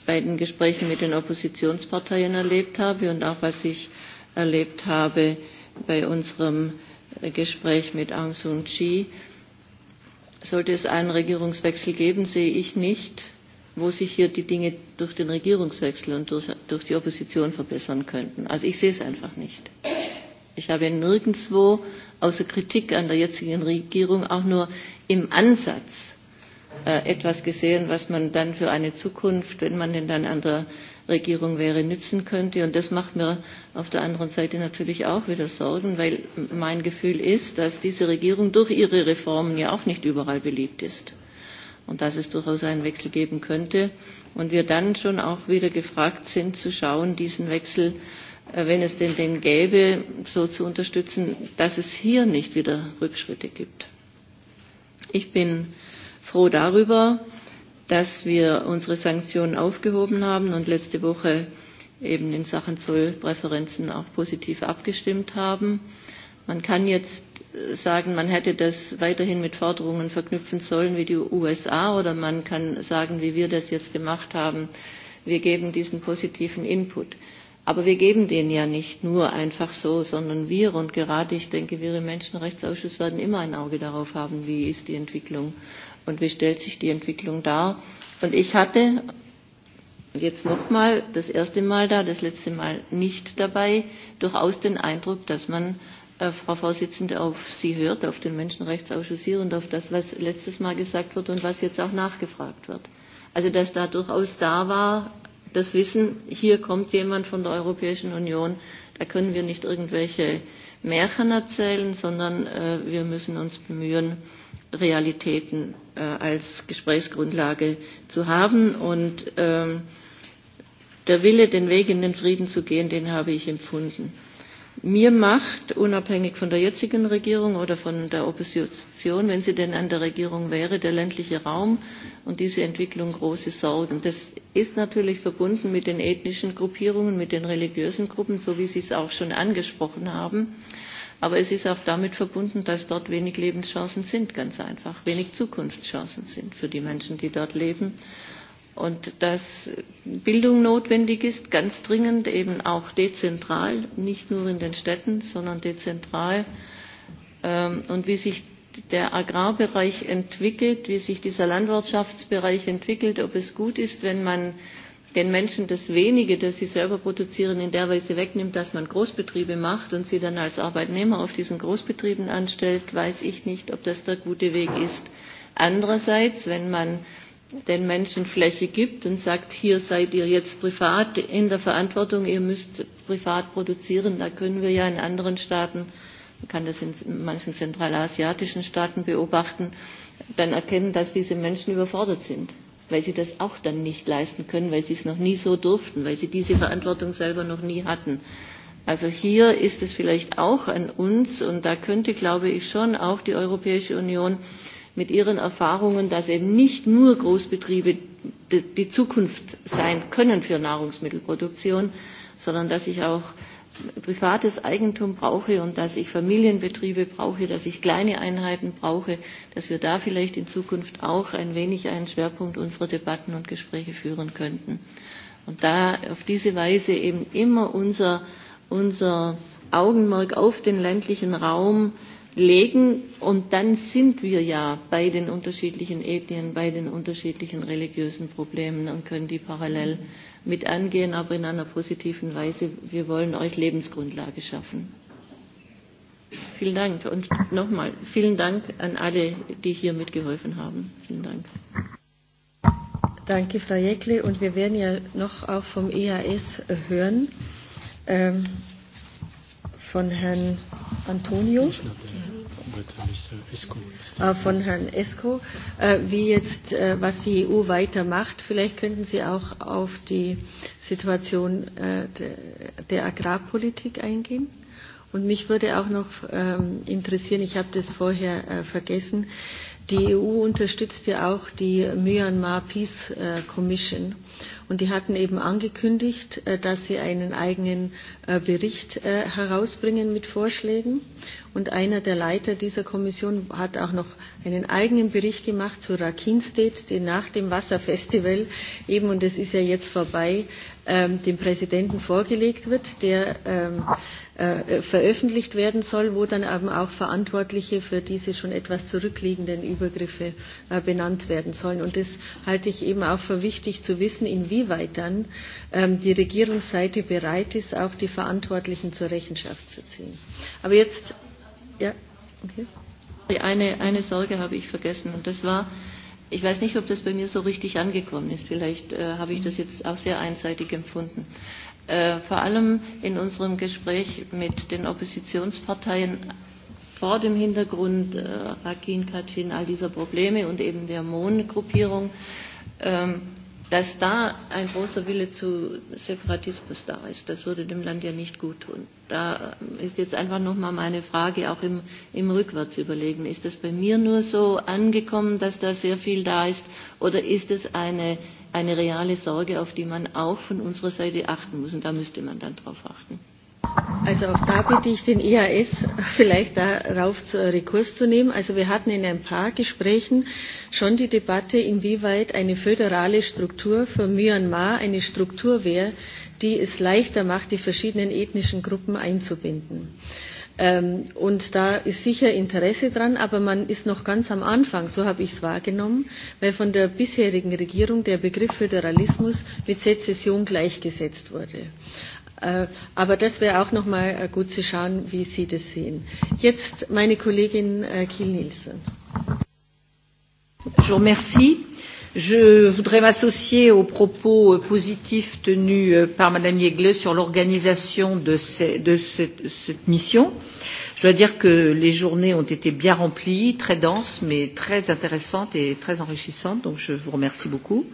bei den Gesprächen mit den Oppositionsparteien erlebt habe und auch was ich erlebt habe bei unserem Gespräch mit Aung San Suu Sollte es einen Regierungswechsel geben, sehe ich nicht, wo sich hier die Dinge durch den Regierungswechsel und durch die Opposition verbessern könnten. Also ich sehe es einfach nicht. Ich habe nirgendwo außer Kritik an der jetzigen Regierung auch nur im Ansatz etwas gesehen, was man dann für eine Zukunft, wenn man denn dann an der Regierung wäre, nützen könnte. Und das macht mir auf der anderen Seite natürlich auch wieder Sorgen, weil mein Gefühl ist, dass diese Regierung durch ihre Reformen ja auch nicht überall beliebt ist und dass es durchaus einen Wechsel geben könnte. Und wir dann schon auch wieder gefragt sind, zu schauen, diesen Wechsel wenn es denn den gäbe, so zu unterstützen, dass es hier nicht wieder Rückschritte gibt. Ich bin froh darüber, dass wir unsere Sanktionen aufgehoben haben und letzte Woche eben in Sachen Zollpräferenzen auch positiv abgestimmt haben. Man kann jetzt sagen, man hätte das weiterhin mit Forderungen verknüpfen sollen wie die USA oder man kann sagen, wie wir das jetzt gemacht haben, wir geben diesen positiven Input. Aber wir geben denen ja nicht nur einfach so, sondern wir und gerade ich denke, wir im Menschenrechtsausschuss werden immer ein Auge darauf haben, wie ist die Entwicklung und wie stellt sich die Entwicklung dar. Und ich hatte jetzt nochmal das erste Mal da, das letzte Mal nicht dabei, durchaus den Eindruck, dass man, Frau Vorsitzende, auf Sie hört, auf den Menschenrechtsausschuss hier und auf das, was letztes Mal gesagt wird und was jetzt auch nachgefragt wird. Also dass da durchaus da war, das Wissen, hier kommt jemand von der Europäischen Union, da können wir nicht irgendwelche Märchen erzählen, sondern wir müssen uns bemühen, Realitäten als Gesprächsgrundlage zu haben. Und der Wille, den Weg in den Frieden zu gehen, den habe ich empfunden mir macht, unabhängig von der jetzigen Regierung oder von der Opposition, wenn sie denn an der Regierung wäre, der ländliche Raum und diese Entwicklung große Sorgen. Das ist natürlich verbunden mit den ethnischen Gruppierungen, mit den religiösen Gruppen, so wie Sie es auch schon angesprochen haben. Aber es ist auch damit verbunden, dass dort wenig Lebenschancen sind, ganz einfach, wenig Zukunftschancen sind für die Menschen, die dort leben und dass Bildung notwendig ist, ganz dringend eben auch dezentral, nicht nur in den Städten, sondern dezentral und wie sich der Agrarbereich entwickelt, wie sich dieser Landwirtschaftsbereich entwickelt, ob es gut ist, wenn man den Menschen das Wenige, das sie selber produzieren, in der Weise wegnimmt, dass man Großbetriebe macht und sie dann als Arbeitnehmer auf diesen Großbetrieben anstellt, weiß ich nicht, ob das der gute Weg ist. Andererseits, wenn man den Menschen Fläche gibt und sagt, hier seid ihr jetzt privat in der Verantwortung, ihr müsst privat produzieren. Da können wir ja in anderen Staaten, man kann das in manchen zentralasiatischen Staaten beobachten, dann erkennen, dass diese Menschen überfordert sind, weil sie das auch dann nicht leisten können, weil sie es noch nie so durften, weil sie diese Verantwortung selber noch nie hatten. Also hier ist es vielleicht auch an uns und da könnte, glaube ich, schon auch die Europäische Union mit ihren Erfahrungen, dass eben nicht nur Großbetriebe die Zukunft sein können für Nahrungsmittelproduktion, sondern dass ich auch privates Eigentum brauche und dass ich Familienbetriebe brauche, dass ich kleine Einheiten brauche, dass wir da vielleicht in Zukunft auch ein wenig einen Schwerpunkt unserer Debatten und Gespräche führen könnten. Und da auf diese Weise eben immer unser, unser Augenmerk auf den ländlichen Raum legen. Und dann sind wir ja bei den unterschiedlichen Ethnien, bei den unterschiedlichen religiösen Problemen und können die parallel mit angehen, aber in einer positiven Weise. Wir wollen euch Lebensgrundlage schaffen. Vielen Dank. Und nochmal vielen Dank an alle, die hier mitgeholfen haben. Vielen Dank. Danke, Frau Jekle. Und wir werden ja noch auch vom EAS hören. Ähm, von Herrn Antonio, von Herrn Esco, wie jetzt, was die EU weitermacht. Vielleicht könnten Sie auch auf die Situation der Agrarpolitik eingehen. Und mich würde auch noch interessieren, ich habe das vorher vergessen, die EU unterstützt ja auch die Myanmar Peace Commission. Und die hatten eben angekündigt, dass sie einen eigenen Bericht herausbringen mit Vorschlägen. Und einer der Leiter dieser Kommission hat auch noch einen eigenen Bericht gemacht zu Rakhine State, den nach dem Wasserfestival eben, und das ist ja jetzt vorbei, dem Präsidenten vorgelegt wird, der veröffentlicht werden soll, wo dann eben auch Verantwortliche für diese schon etwas zurückliegenden Übergriffe benannt werden sollen. Und das halte ich eben auch für wichtig zu wissen, inwieweit dann die Regierungsseite bereit ist, auch die Verantwortlichen zur Rechenschaft zu ziehen. Aber jetzt, ja, okay. Eine, eine Sorge habe ich vergessen und das war, ich weiß nicht, ob das bei mir so richtig angekommen ist. Vielleicht habe ich das jetzt auch sehr einseitig empfunden vor allem in unserem Gespräch mit den Oppositionsparteien vor dem Hintergrund Rakin, Katin all dieser Probleme und eben der Mohn gruppierung dass da ein großer Wille zu Separatismus da ist. Das würde dem Land ja nicht gut tun. Da ist jetzt einfach nochmal meine Frage, auch im, im überlegen Ist das bei mir nur so angekommen, dass da sehr viel da ist? Oder ist es eine eine reale Sorge, auf die man auch von unserer Seite achten muss. Und da müsste man dann drauf achten. Also auch da bitte ich den IAS vielleicht darauf zu Rekurs zu nehmen. Also wir hatten in ein paar Gesprächen schon die Debatte, inwieweit eine föderale Struktur für Myanmar eine Struktur wäre, die es leichter macht, die verschiedenen ethnischen Gruppen einzubinden. Und da ist sicher Interesse dran, aber man ist noch ganz am Anfang, so habe ich es wahrgenommen, weil von der bisherigen Regierung der Begriff Föderalismus mit Sezession gleichgesetzt wurde. Aber das wäre auch noch mal gut zu schauen, wie Sie das sehen. Jetzt meine Kollegin Kiel-Nielsen. Je vous remercie. Je voudrais m'associer aux propos positifs tenus par Madame Yegle sur l'organisation de cette mission. Je dois dire que les journées ont été bien remplies, très denses, mais très intéressantes et très enrichissantes, donc je vous remercie beaucoup.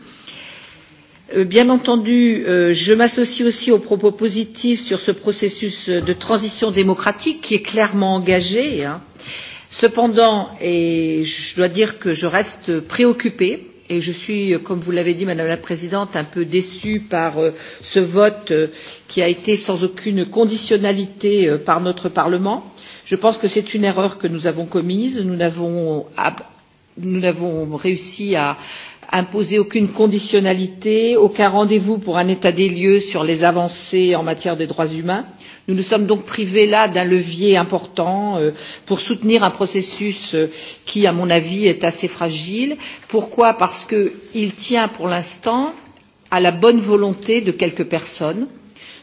Bien entendu, je m'associe aussi aux propos positifs sur ce processus de transition démocratique qui est clairement engagé. Cependant, et je dois dire que je reste préoccupée, et je suis, comme vous l'avez dit, Madame la Présidente, un peu déçue par ce vote qui a été sans aucune conditionnalité par notre Parlement. Je pense que c'est une erreur que nous avons commise. Nous n'avons réussi à imposer aucune conditionnalité, aucun rendez-vous pour un état des lieux sur les avancées en matière des droits humains Nous nous sommes donc privés là d'un levier important pour soutenir un processus qui, à mon avis, est assez fragile. Pourquoi Parce qu'il tient pour l'instant à la bonne volonté de quelques personnes,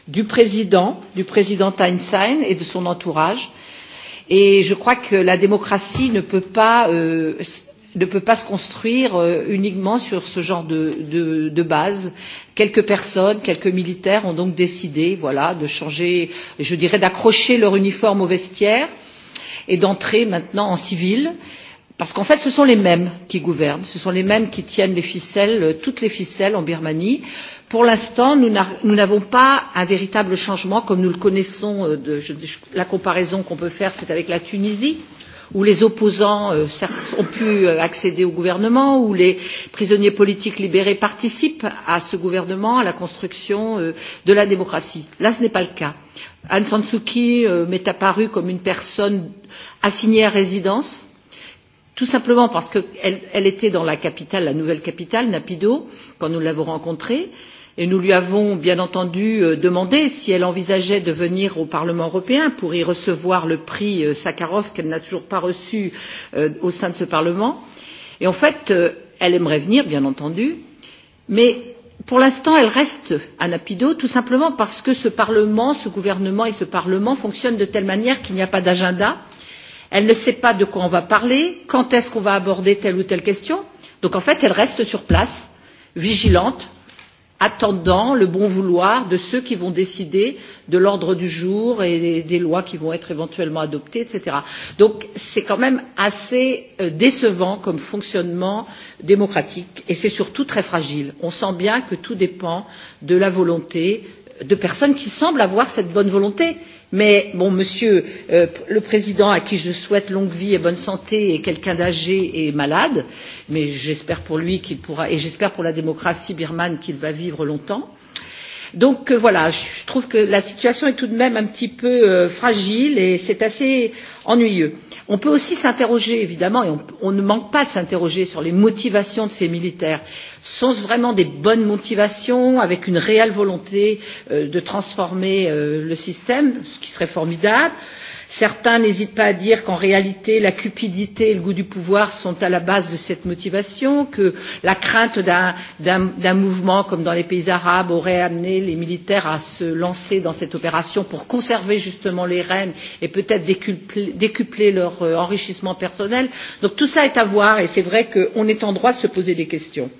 du président, du président Einstein et de son entourage. Et je crois que la démocratie ne peut pas ne peut pas se construire uniquement sur ce genre de de base quelques personnes quelques militaires ont donc décidé voilà de changer je dirais d'accrocher leur uniforme au vestiaire et d'entrer maintenant en civil parce qu'en fait ce sont les mêmes qui gouvernent ce sont les mêmes qui tiennent les ficelles toutes les ficelles en Birmanie pour l'instant nous n'avons pas un véritable changement comme nous le connaissons de la comparaison qu'on peut faire c'est avec la Tunisie où les opposants ont pu accéder au gouvernement, où les prisonniers politiques libérés participent à ce gouvernement, à la construction de la démocratie. Là, ce n'est pas le cas. Aung San Suu Kyi m'est apparue comme une personne assignée à résidence, tout simplement parce qu'elle était dans la capitale, la nouvelle capitale, Napido, quand nous l'avons rencontrée et nous lui avons bien entendu demandé si elle envisageait de venir au Parlement européen pour y recevoir le prix Sakharov qu'elle n'a toujours pas reçu au sein de ce Parlement. Et en fait, elle aimerait venir, bien entendu, mais pour l'instant, elle reste à Napido, tout simplement parce que ce Parlement, ce gouvernement et ce Parlement fonctionnent de telle manière qu'il n'y a pas d'agenda. Elle ne sait pas de quoi on va parler, quand est-ce qu'on va aborder telle ou telle question. Donc en fait, elle reste sur place, vigilante attendant le bon vouloir de ceux qui vont décider de l'ordre du jour et des lois qui vont être éventuellement adoptées, etc. Donc c'est quand même assez décevant comme fonctionnement démocratique et c'est surtout très fragile. On sent bien que tout dépend de la volonté de personnes qui semblent avoir cette bonne volonté. Mais bon, monsieur le président, à qui je souhaite longue vie et bonne santé, est quelqu'un d'âgé et malade, mais j'espère pour lui qu'il pourra, et j'espère pour la démocratie birmane qu'il va vivre longtemps. Donc voilà, je trouve que la situation est tout de même un petit peu fragile et c'est assez ennuyeux. On peut aussi s'interroger, évidemment, et on ne manque pas de s'interroger sur les motivations de ces militaires. Sont-ce vraiment des bonnes motivations, avec une réelle volonté de transformer le système, ce qui serait formidable Certains n'hésitent pas à dire qu'en réalité, la cupidité et le goût du pouvoir sont à la base de cette motivation, que la crainte d'un mouvement, comme dans les pays arabes, aurait amené les militaires à se lancer dans cette opération pour conserver justement les rênes et peut-être décupler leur enrichissement personnel. Donc tout ça est à voir et c'est vrai qu'on est en droit de se poser des questions.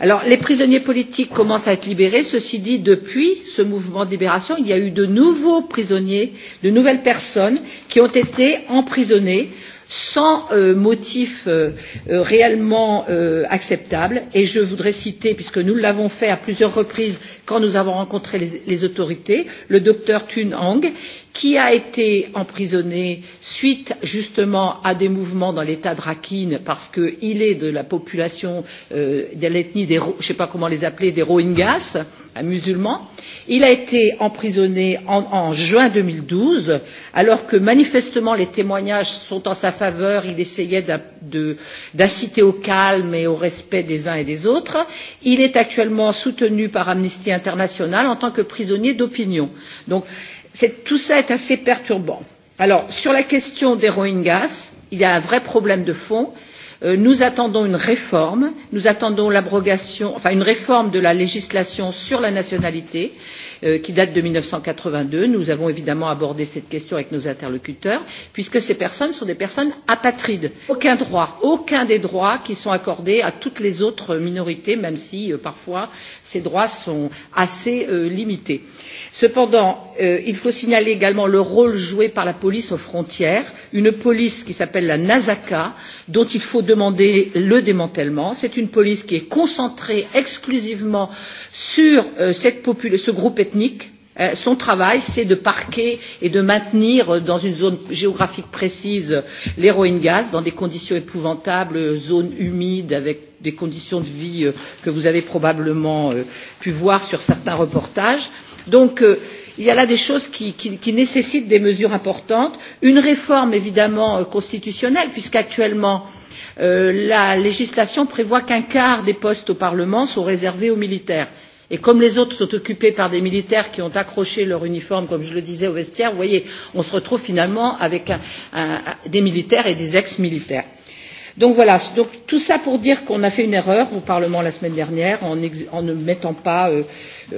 Alors les prisonniers politiques commencent à être libérés. Ceci dit, depuis ce mouvement de libération, il y a eu de nouveaux prisonniers, de nouvelles personnes qui ont été emprisonnées sans motif réellement acceptable et je voudrais citer puisque nous l'avons fait à plusieurs reprises quand nous avons rencontré les autorités le docteur Thun Hang qui a été emprisonné suite justement à des mouvements dans l'état de Rakhine parce qu'il est de la population de l'ethnie des je sais pas comment les appeler des Rohingyas musulman. il a été emprisonné en juin 2012 alors que manifestement les témoignages sont en sa faveur il essayait d'inciter au calme et au respect des uns et des autres il est actuellement soutenu par Amnesty International en tant que prisonnier d'opinion donc Tout cela est assez perturbant. Alors, sur la question des Rohingyas, il y a un vrai problème de fond. Nous attendons une réforme, nous attendons l'abrogation, enfin une réforme de la législation sur la nationalité qui date de mille neuf cent quatre-vingt deux. Nous avons évidemment abordé cette question avec nos interlocuteurs, puisque ces personnes sont des personnes apatrides. Aucun droit, aucun des droits qui sont accordés à toutes les autres minorités, même si parfois ces droits sont assez limités cependant il faut signaler également le rôle joué par la police aux frontières une police qui s'appelle la nasaka dont il faut demander le démantèlement c'est une police qui est concentrée exclusivement sur ce groupe ethnique son travail c'est de parquer et de maintenir dans une zone géographique précise les rohingyas dans des conditions épouvantables zones humides avec des conditions de vie que vous avez probablement pu voir sur certains reportages. Donc il y a là des choses qui nécessitent des mesures importantes, une réforme évidemment constitutionnelle, puisqu'actuellement la législation prévoit qu'un quart des postes au Parlement sont réservés aux militaires. Et comme les autres sont occupés par des militaires qui ont accroché leur uniforme, comme je le disais, au vestiaire, vous voyez, on se retrouve finalement avec des militaires et des ex-militaires. Donc voilà, donc tout ça pour dire qu'on a fait une erreur au Parlement la semaine dernière en ne mettant pas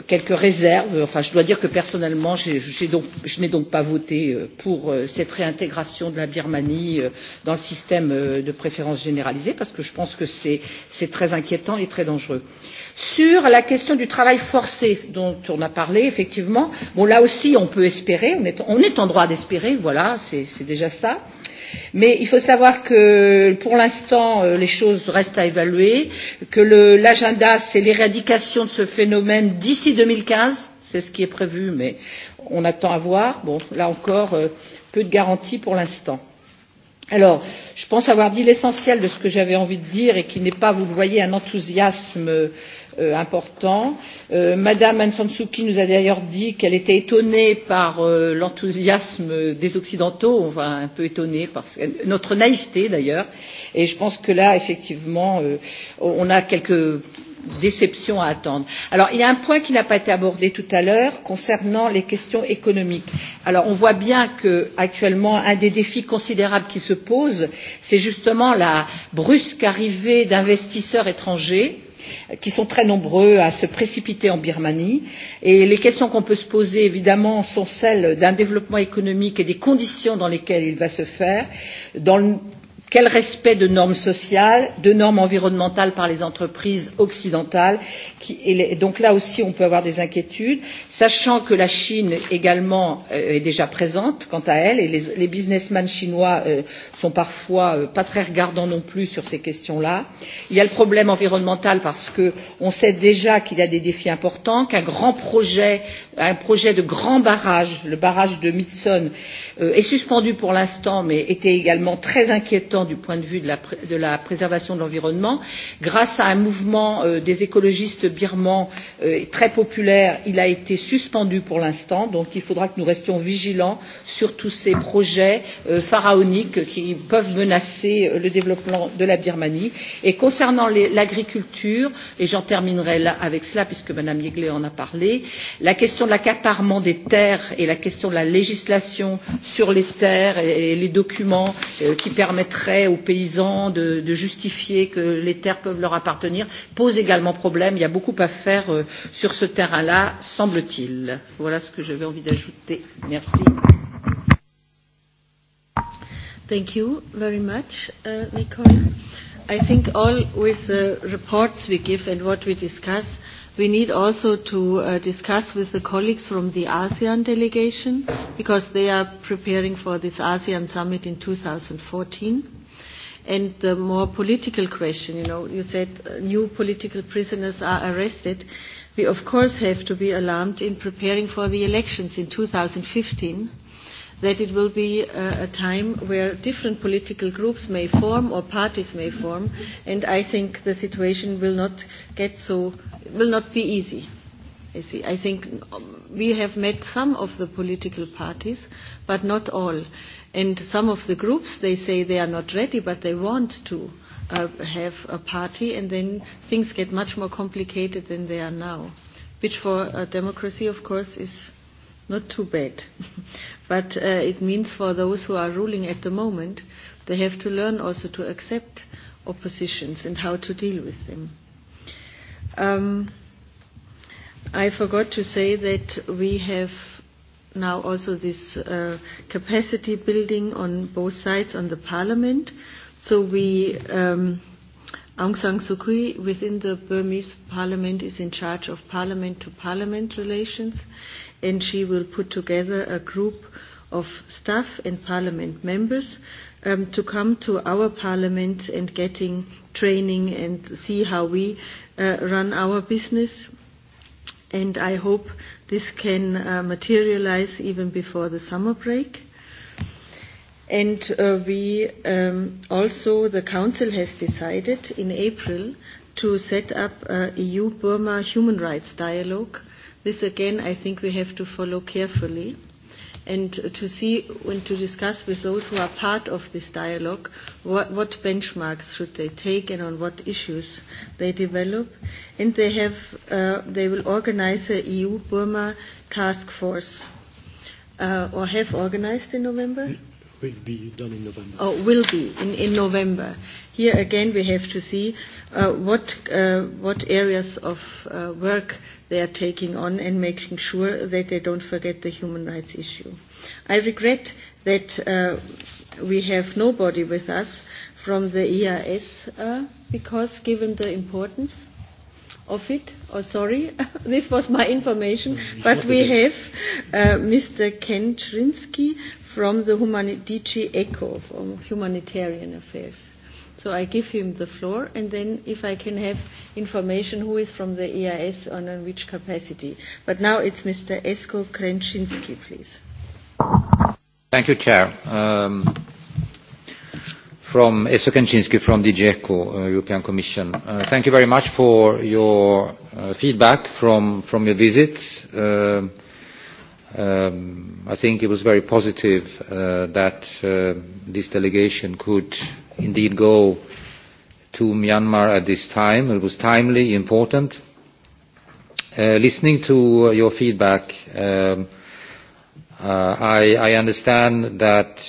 quelques réserves. Enfin, je dois dire que personnellement, je n'ai donc pas voté pour cette réintégration de la Birmanie dans le système de préférence généralisée parce que je pense que c'est très inquiétant et très dangereux. Sur la question du travail forcé dont on a parlé, effectivement, bon là aussi on peut espérer, on est en droit d'espérer, voilà, c'est déjà ça. Mais il faut savoir que pour l'instant, les choses restent à évaluer, que l'agenda, c'est l'éradication de ce phénomène d'ici 2015, c'est ce qui est prévu, mais on attend à voir. Bon, là encore, peu de garanties pour l'instant. Alors, je pense avoir dit l'essentiel de ce que j'avais envie de dire et qui n'est pas, vous le voyez, un enthousiasme important. Madame Aung San Suu Kyi nous a d'ailleurs dit qu'elle était étonnée par l'enthousiasme des Occidentaux, on va un peu étonné par notre naïveté d'ailleurs, et je pense que là, effectivement, on a quelques déceptions à attendre. Alors, il y a un point qui n'a pas été abordé tout à l'heure concernant les questions économiques. Alors, on voit bien qu'actuellement, un des défis considérables qui se pose, c'est justement la brusque arrivée d'investisseurs étrangers qui sont très nombreux à se précipiter en Birmanie. Et les questions qu'on peut se poser, évidemment, sont celles d'un développement économique et des conditions dans lesquelles il va se faire. Dans quel respect de normes sociales, de normes environnementales par les entreprises occidentales. Et donc là aussi, on peut avoir des inquiétudes, sachant que la Chine également est déjà présente quant à elle, et les businessmen chinois sont parfois pas très regardants non plus sur ces questions-là. Il y a le problème environnemental parce qu'on sait déjà qu'il y a des défis importants, qu'un grand projet, un projet de grand barrage, le barrage de Mitson, est suspendu pour l'instant, mais était également très inquiétant du point de vue de la préservation de l'environnement. Grâce à un mouvement des écologistes birmans très populaire, il a été suspendu pour l'instant, donc il faudra que nous restions vigilants sur tous ces projets pharaoniques qui peuvent menacer le développement de la Birmanie. Et concernant l'agriculture, et j'en terminerai là avec cela puisque Mme Yegley en a parlé, la question de l'accaparement des terres et la question de la législation sur les terres et les documents qui permettraient permettrait aux paysans de, de justifier que les terres peuvent leur appartenir pose également problème. Il y a beaucoup à faire sur ce terrain-là, semble-t-il. Voilà ce que j'avais envie d'ajouter. Merci. Thank you very much, uh, Nicole. I think all with the reports we give and what we discuss, we need also to discuss with the colleagues from the ASEAN delegation because they are preparing for this ASEAN summit in 2014 And the more political question, you know, you said new political prisoners are arrested. We, of course, have to be alarmed in preparing for the elections in 2015 that it will be a time where different political groups may form or parties may form, and I think the situation will not get so, will not be easy. I think we have met some of the political parties, but not all. And some of the groups, they say they are not ready, but they want to have a party, and then things get much more complicated than they are now, which for a democracy, of course, is not too bad. But it means for those who are ruling at the moment, they have to learn also to accept oppositions and how to deal with them. Um, I forgot to say that we have now also this capacity building on both sides on the parliament. So we, um, Aung San Suu Kyi within the Burmese parliament is in charge of parliament to parliament relations and she will put together a group of staff and parliament members um, to come to our parliament and getting training and see how we run our business and I hope this can materialize even before the summer break. And we also, the Council has decided in April to set up a EU-Burma human rights dialogue. This again, I think we have to follow carefully and to see and to discuss with those who are part of this dialogue what benchmarks should they take and on what issues they develop. And they have they will organize a EU Burma task force or have organized in November. Will be done in November. Oh, will be in in November. Here again we have to see what what areas of work they are taking on and making sure that they don't forget the human rights issue. I regret that we have nobody with us from the EIS because given the importance of it, oh sorry, this was my information, but we have Mr. Ken Trinsky from the DG ECHO, from Humanitarian Affairs. So I give him the floor, and then if I can have information who is from the EIS and on which capacity. But now it's Mr. Esko Krenczynski, please. Thank you, Chair. from Esko Krenczynski from DG European Commission. thank you very much for your feedback from, from your visits. I think it was very positive that this delegation could indeed go to Myanmar at this time. It was timely, important. Listening to your feedback, I understand that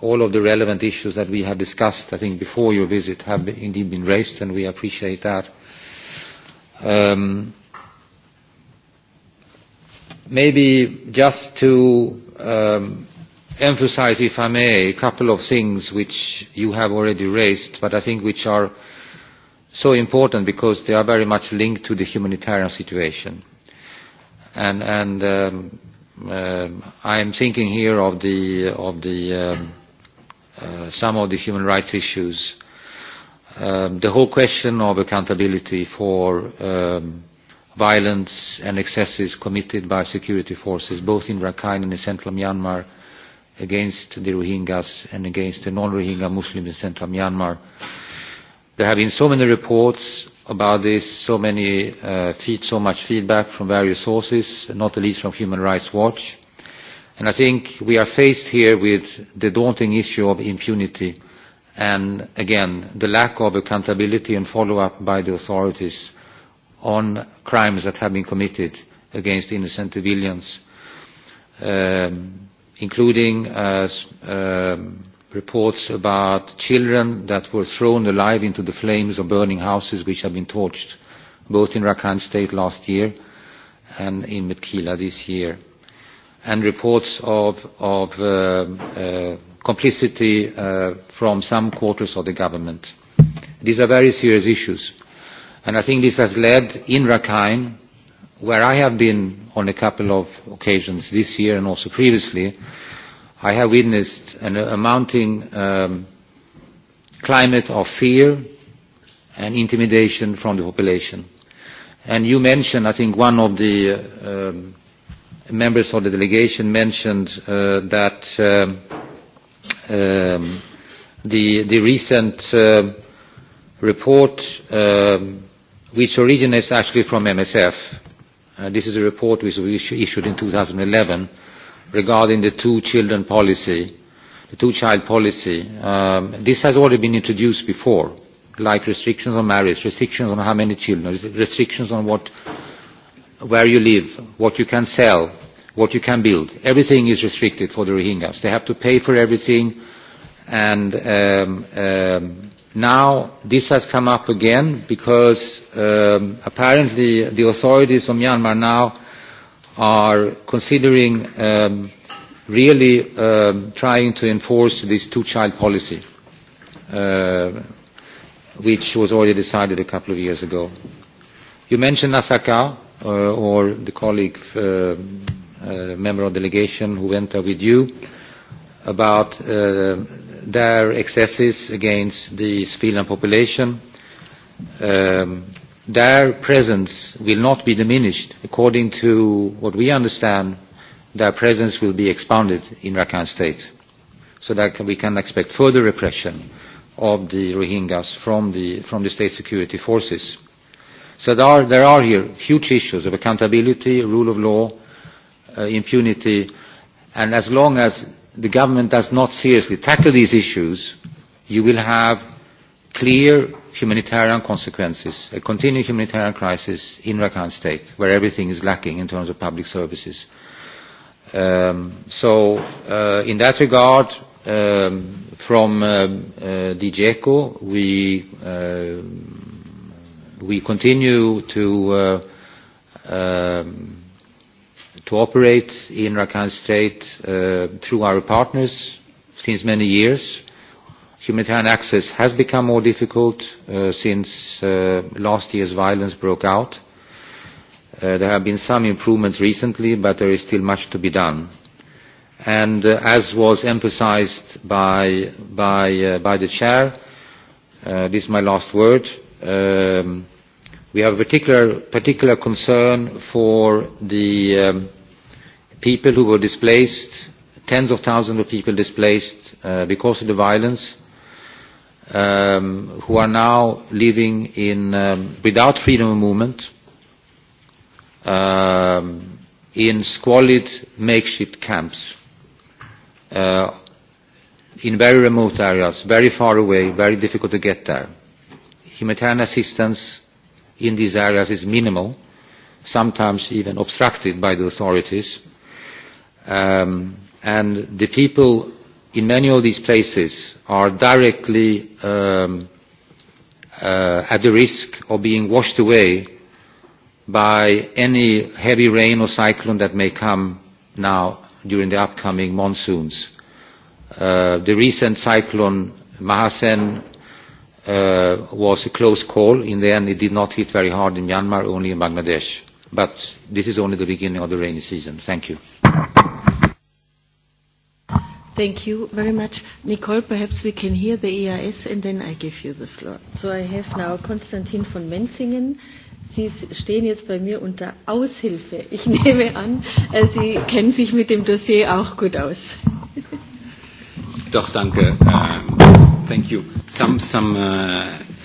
all of the relevant issues that we have discussed, I think, before your visit have indeed been raised, and we appreciate that. Maybe just to emphasize, if I may, a couple of things which you have already raised, but I think which are so important because they are very much linked to the humanitarian situation. And I am thinking here of the some of the human rights issues, the whole question of accountability for violence and excesses committed by security forces both in Rakhine and in central Myanmar against the Rohingyas and against the non-Rohingya Muslims in central Myanmar. There have been so many reports about this, so many so much feedback from various sources, not the least from Human Rights Watch. And I think we are faced here with the daunting issue of impunity and, again, the lack of accountability and follow-up by the authorities on crimes that have been committed against innocent civilians, including reports about children that were thrown alive into the flames of burning houses which have been torched, both in Rakhine State last year and in Mekila this year, and reports of complicity from some quarters of the government. These are very serious issues And I think this has led in Rakhine, where I have been on a couple of occasions this year and also previously, I have witnessed a mounting climate of fear and intimidation from the population. And you mentioned, I think one of the members of the delegation mentioned that the recent report which originates actually from MSF. This is a report which we issued in 2011 regarding the two-children policy, the two-child policy. This has already been introduced before, like restrictions on marriage, restrictions on how many children, restrictions on what, where you live, what you can sell, what you can build. Everything is restricted for the Rohingyas. They have to pay for everything and Now this has come up again because apparently the authorities of Myanmar now are considering really trying to enforce this two-child policy, which was already decided a couple of years ago. You mentioned Nasaka or the colleague, member of delegation who went there with you, about their excesses against the civilian population, their presence will not be diminished. According to what we understand, their presence will be expanded in Rakhine State, so that we can expect further repression of the Rohingyas from the state security forces. So there are here huge issues of accountability, rule of law, impunity, and as long as the government does not seriously tackle these issues, you will have clear humanitarian consequences, a continued humanitarian crisis in Rakhine State, where everything is lacking in terms of public services. So in that regard, from DGECO, we we continue to to operate in Rakhine State through our partners since many years. Humanitarian access has become more difficult since last year's violence broke out. There have been some improvements recently, but there is still much to be done. And as was emphasized by the Chair, this is my last word, We have a particular concern for the people who were displaced, tens of thousands of people displaced because of the violence, who are now living in without freedom of movement, in squalid makeshift camps, in very remote areas, very far away, very difficult to get there. Humanitarian assistance in these areas is minimal, sometimes even obstructed by the authorities. And the people in many of these places are directly at the risk of being washed away by any heavy rain or cyclone that may come now during the upcoming monsoons. The recent cyclone Mahasen was a close call. In the end, it did not hit very hard in Myanmar, only in Bangladesh. But this is only the beginning of the rainy season. Thank you. Thank you very much. Nicole, perhaps we can hear the EAS and then I give you the floor. So I have now Konstantin von Menzingen. Sie stehen jetzt bei mir unter Aushilfe. Ich nehme an, Sie kennen sich mit dem Dossier auch gut aus. Doch, danke. Thank you. Some some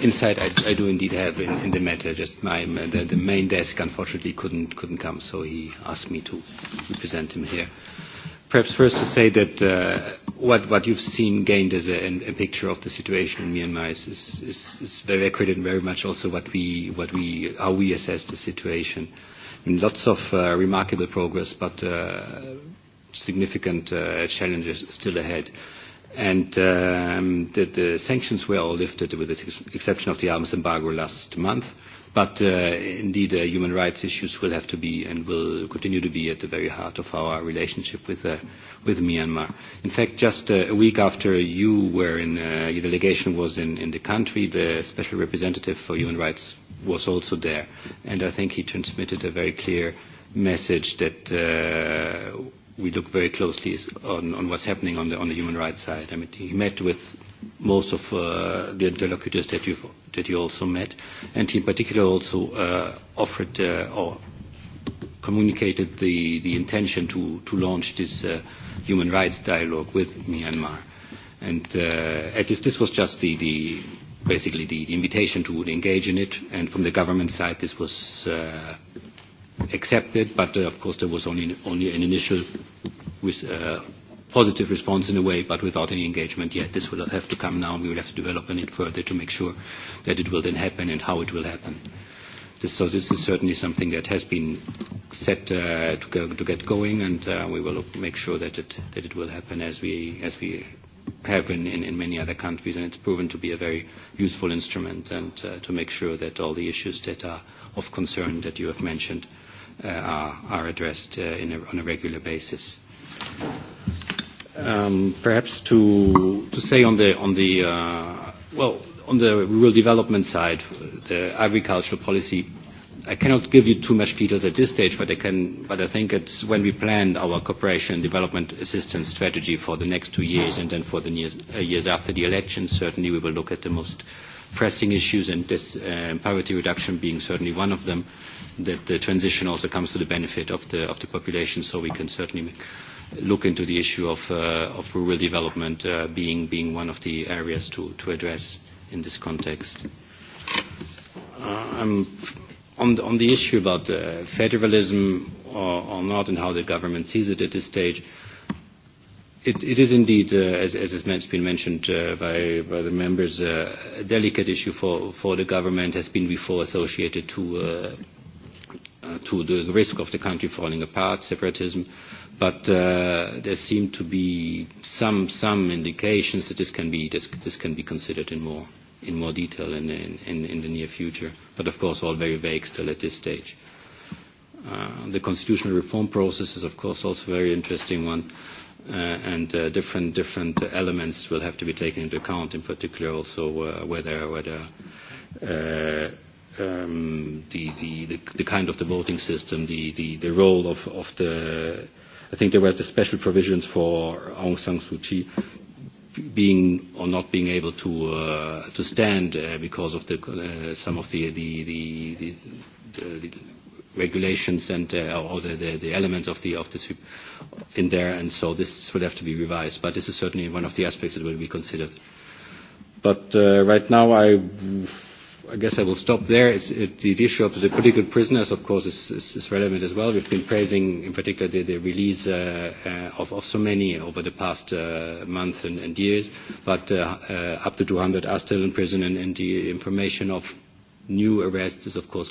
insight I do indeed have in the matter. Just my the main desk unfortunately couldn't couldn't come, so he asked me to represent him here. Perhaps first to say that what what you've seen gained as a picture of the situation in Myanmar is is very accurate and very much also what we what we how we assess the situation. Lots of remarkable progress, but significant challenges still ahead. And the sanctions were all lifted with the exception of the arms embargo last month. But indeed, human rights issues will have to be and will continue to be at the very heart of our relationship with Myanmar. In fact, just a week after you were in, your delegation was in the country, the special representative for human rights was also there. And I think he transmitted a very clear message that we look very closely on what's happening on the human rights side. I mean, he met with most of the interlocutors that you also met, and he in particular also offered or communicated the intention to launch this human rights dialogue with Myanmar. And at this was just the basically the invitation to engage in it, and from the government side this was accepted, but of course there was only only an initial positive response in a way, but without any engagement yet. This will have to come now, and we will have to develop on it further to make sure that it will then happen and how it will happen. So this is certainly something that has been set to get going, and we will make sure that it will happen as we have in many other countries, and it's proven to be a very useful instrument and to make sure that all the issues that are of concern that you have mentioned are addressed on a regular basis. Perhaps to to say on the on the well on the rural development side, the agricultural policy, I cannot give you too much details at this stage, but I can but I think it's when we planned our cooperation development assistance strategy for the next two years and then for the years after the election, certainly we will look at the most pressing issues, and this poverty reduction being certainly one of them, that the transition also comes to the benefit of the of the population. So we can certainly look into the issue of of rural development being being one of the areas to to address in this context. On the issue about federalism or not and how the government sees it at this stage, It is indeed, as has been mentioned by the members, a delicate issue for the government, has been before associated to the risk of the country falling apart, separatism, but there seem to be some indications that this can be considered in more detail in the near future, but of course all very vague still at this stage. The constitutional reform process is of course also a very interesting one and different different elements will have to be taken into account, in particular also whether whether the the kind of the voting system, the the the role of of the I think there were the special provisions for Aung San Suu Kyi being or not being able to to stand because of the some of the the the regulations and all the elements of the of this in there, and so this would have to be revised. But this is certainly one of the aspects that will be considered. But right now, I I guess I will stop there. The issue of the political prisoners, of course, is relevant as well. We've been praising, in particular, the release of so many over the past month and years, but up to 200 are still in prison, and the information of new arrests is, of course,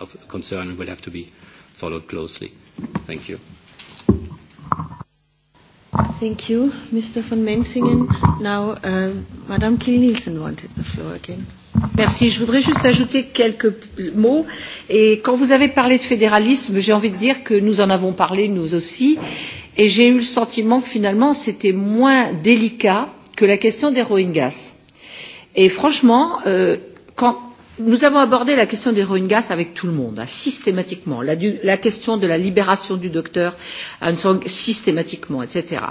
of concern and will have to be followed closely. Thank you. Thank you, Mr. von Menzingen. Now, Madame Kiel-Nielsen wanted the floor again. Merci. Je voudrais juste ajouter quelques mots. Et quand vous avez parlé de fédéralisme, j'ai envie de dire que nous en avons parlé, nous aussi. Et j'ai eu le sentiment que finalement, c'était moins délicat que la question des Rohingyas. Et franchement, quand Nous avons abordé la question des Rohingyas avec tout le monde, systématiquement. La question de la libération du docteur Song systématiquement, etc.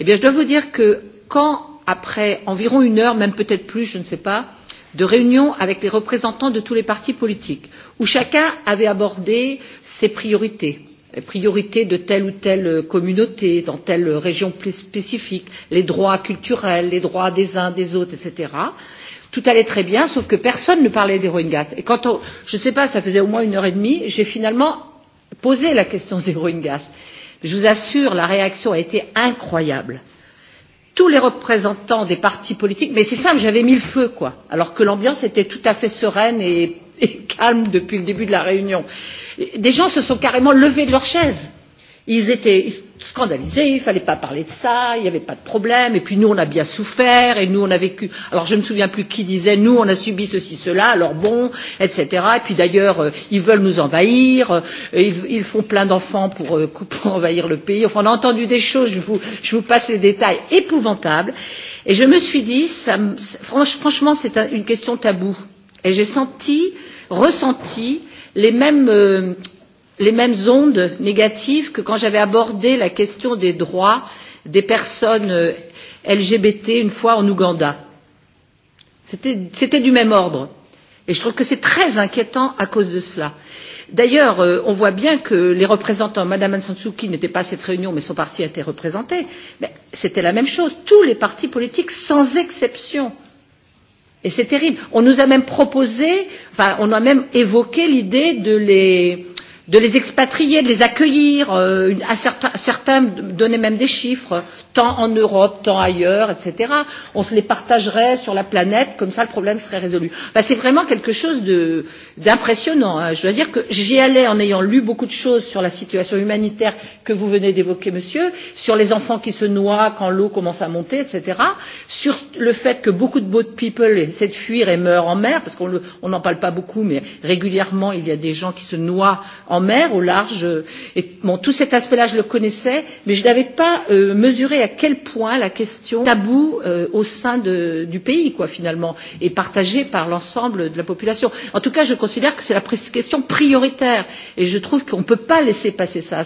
Eh bien, je dois vous dire que quand, après environ une heure, même peut-être plus, je ne sais pas, de réunion avec les représentants de tous les partis politiques, où chacun avait abordé ses priorités, les priorités de telle ou telle communauté, dans telle région spécifique, les droits culturels, les droits des uns, des autres, etc., tout allait très bien, sauf que personne ne parlait des Rohingyas. Et quand on, je ne sais pas, ça faisait au moins une heure et demie, j'ai finalement posé la question des Rohingyas. Je vous assure, la réaction a été incroyable. Tous les représentants des partis politiques, mais c'est simple, j'avais mis le feu, quoi. Alors que l'ambiance était tout à fait sereine et, calme depuis le début de la réunion. Des gens se sont carrément levés de leur chaise. Ils étaient, Scandalisé, il ne fallait pas parler de ça, il n'y avait pas de problème, et puis nous on a bien souffert, et nous on a vécu. Alors je ne me souviens plus qui disait nous on a subi ceci, cela, alors bon, etc. Et puis d'ailleurs ils veulent nous envahir, ils font plein d'enfants pour envahir le pays. Enfin on a entendu des choses, je vous passe les détails épouvantables. Et je me suis dit, franchement c'est une question taboue. Et j'ai senti, ressenti les mêmes les mêmes ondes négatives que quand j'avais abordé la question des droits des personnes lgbt une fois en ouganda. c'était du même ordre et je trouve que c'est très inquiétant à cause de cela. d'ailleurs on voit bien que les représentants mme ansatsuki n'était pas à cette réunion mais son parti a été représenté mais c'était la même chose tous les partis politiques sans exception et c'est terrible. on nous a même proposé enfin on a même évoqué l'idée de les de les expatrier, de les accueillir. à Certains donnaient même des chiffres, tant en Europe, tant ailleurs, etc. On se les partagerait sur la planète, comme ça le problème serait résolu. C'est vraiment quelque chose d'impressionnant. Je dois dire que j'y allais en ayant lu beaucoup de choses sur la situation humanitaire que vous venez d'évoquer, monsieur, sur les enfants qui se noient quand l'eau commence à monter, etc. Sur le fait que beaucoup de boat people essaient de fuir et meurent en mer, parce qu'on n'en parle pas beaucoup, mais régulièrement il y a des gens qui se noient en mer, au large. Et, bon, tout cet aspect-là, je le connaissais, mais je n'avais pas mesuré à quel point la question taboue au sein du pays, quoi, finalement, est partagée par l'ensemble de la population. En tout cas, je considère que c'est la question prioritaire, et je trouve qu'on ne peut pas laisser passer ça.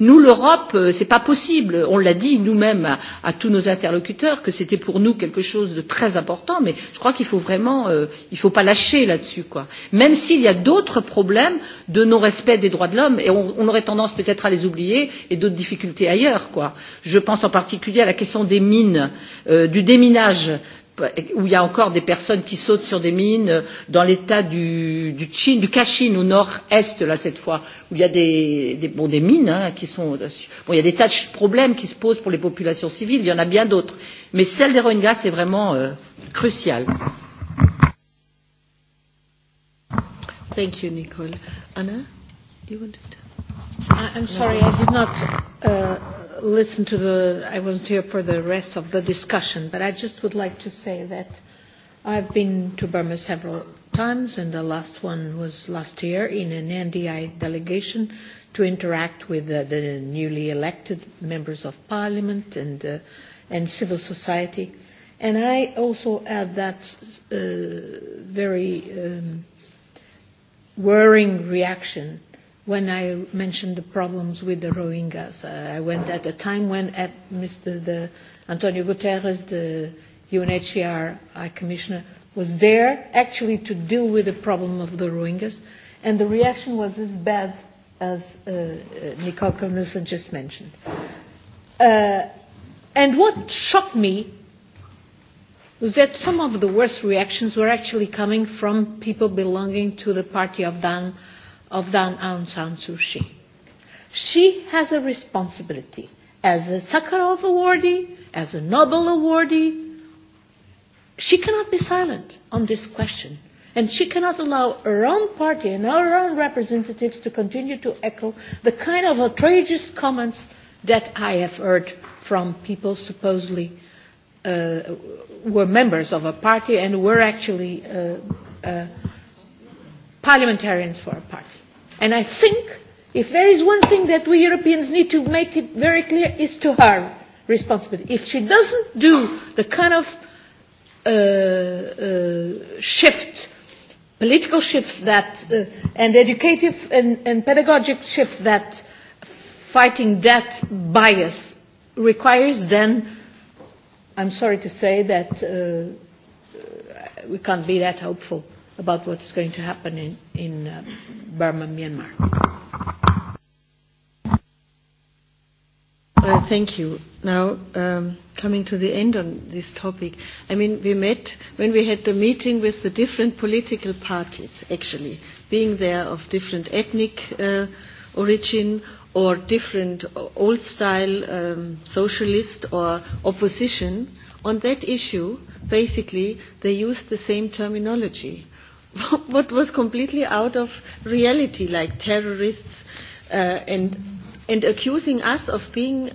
Nous, l'Europe, ce n'est pas possible. On l'a dit nous-mêmes à tous nos interlocuteurs que c'était pour nous quelque chose de très important, mais je crois qu'il faut vraiment, il ne faut pas lâcher là-dessus, quoi. Même s'il y a d'autres problèmes de non-respect des droits de l'homme et on aurait tendance peut être à les oublier et d'autres difficultés ailleurs quoi. je pense en particulier à la question des mines du déminage où il y a encore des personnes qui sautent sur des mines dans l'état du Chine, du Kachin au nord-est là cette fois où il y a des des des mines qui sont bon il y a des tas de problèmes qui se posent pour les populations civiles, il y en a bien d'autres mais celle des Rohingyas c'est vraiment crucial. Thank Nicole. Anna You to? I'm sorry, I did not listen to the. I wasn't here for the rest of the discussion, but I just would like to say that I've been to Burma several times, and the last one was last year in an NDI delegation to interact with the newly elected members of parliament and and civil society. And I also add that very worrying reaction when I mentioned the problems with the Rohingyas. I went at a time when Mr. The Antonio Guterres, the UNHCR High Commissioner, was there actually to deal with the problem of the Rohingyas, and the reaction was as bad as Nicole Kilnussen just mentioned. And what shocked me was that some of the worst reactions were actually coming from people belonging to the party of Dan of Aung San Suu Kyi. She has a responsibility as a Sakharov awardee, as a Nobel awardee. She cannot be silent on this question. And she cannot allow her own party and her own representatives to continue to echo the kind of outrageous comments that I have heard from people supposedly were members of a party and were actually parliamentarians for a party. And I think if there is one thing that we Europeans need to make it very clear is to her responsibility. If she doesn't do the kind of shift, political shift that, and educative and pedagogic shift that fighting that bias requires, then I'm sorry to say that we can't be that hopeful about what is going to happen in, in Burma, Myanmar. thank you. Now, coming to the end on this topic, I mean, we met when we had the meeting with the different political parties, actually, being there of different ethnic origin or different old-style socialist or opposition. On that issue, basically, they used the same terminology what was completely out of reality, like terrorists and and accusing us of being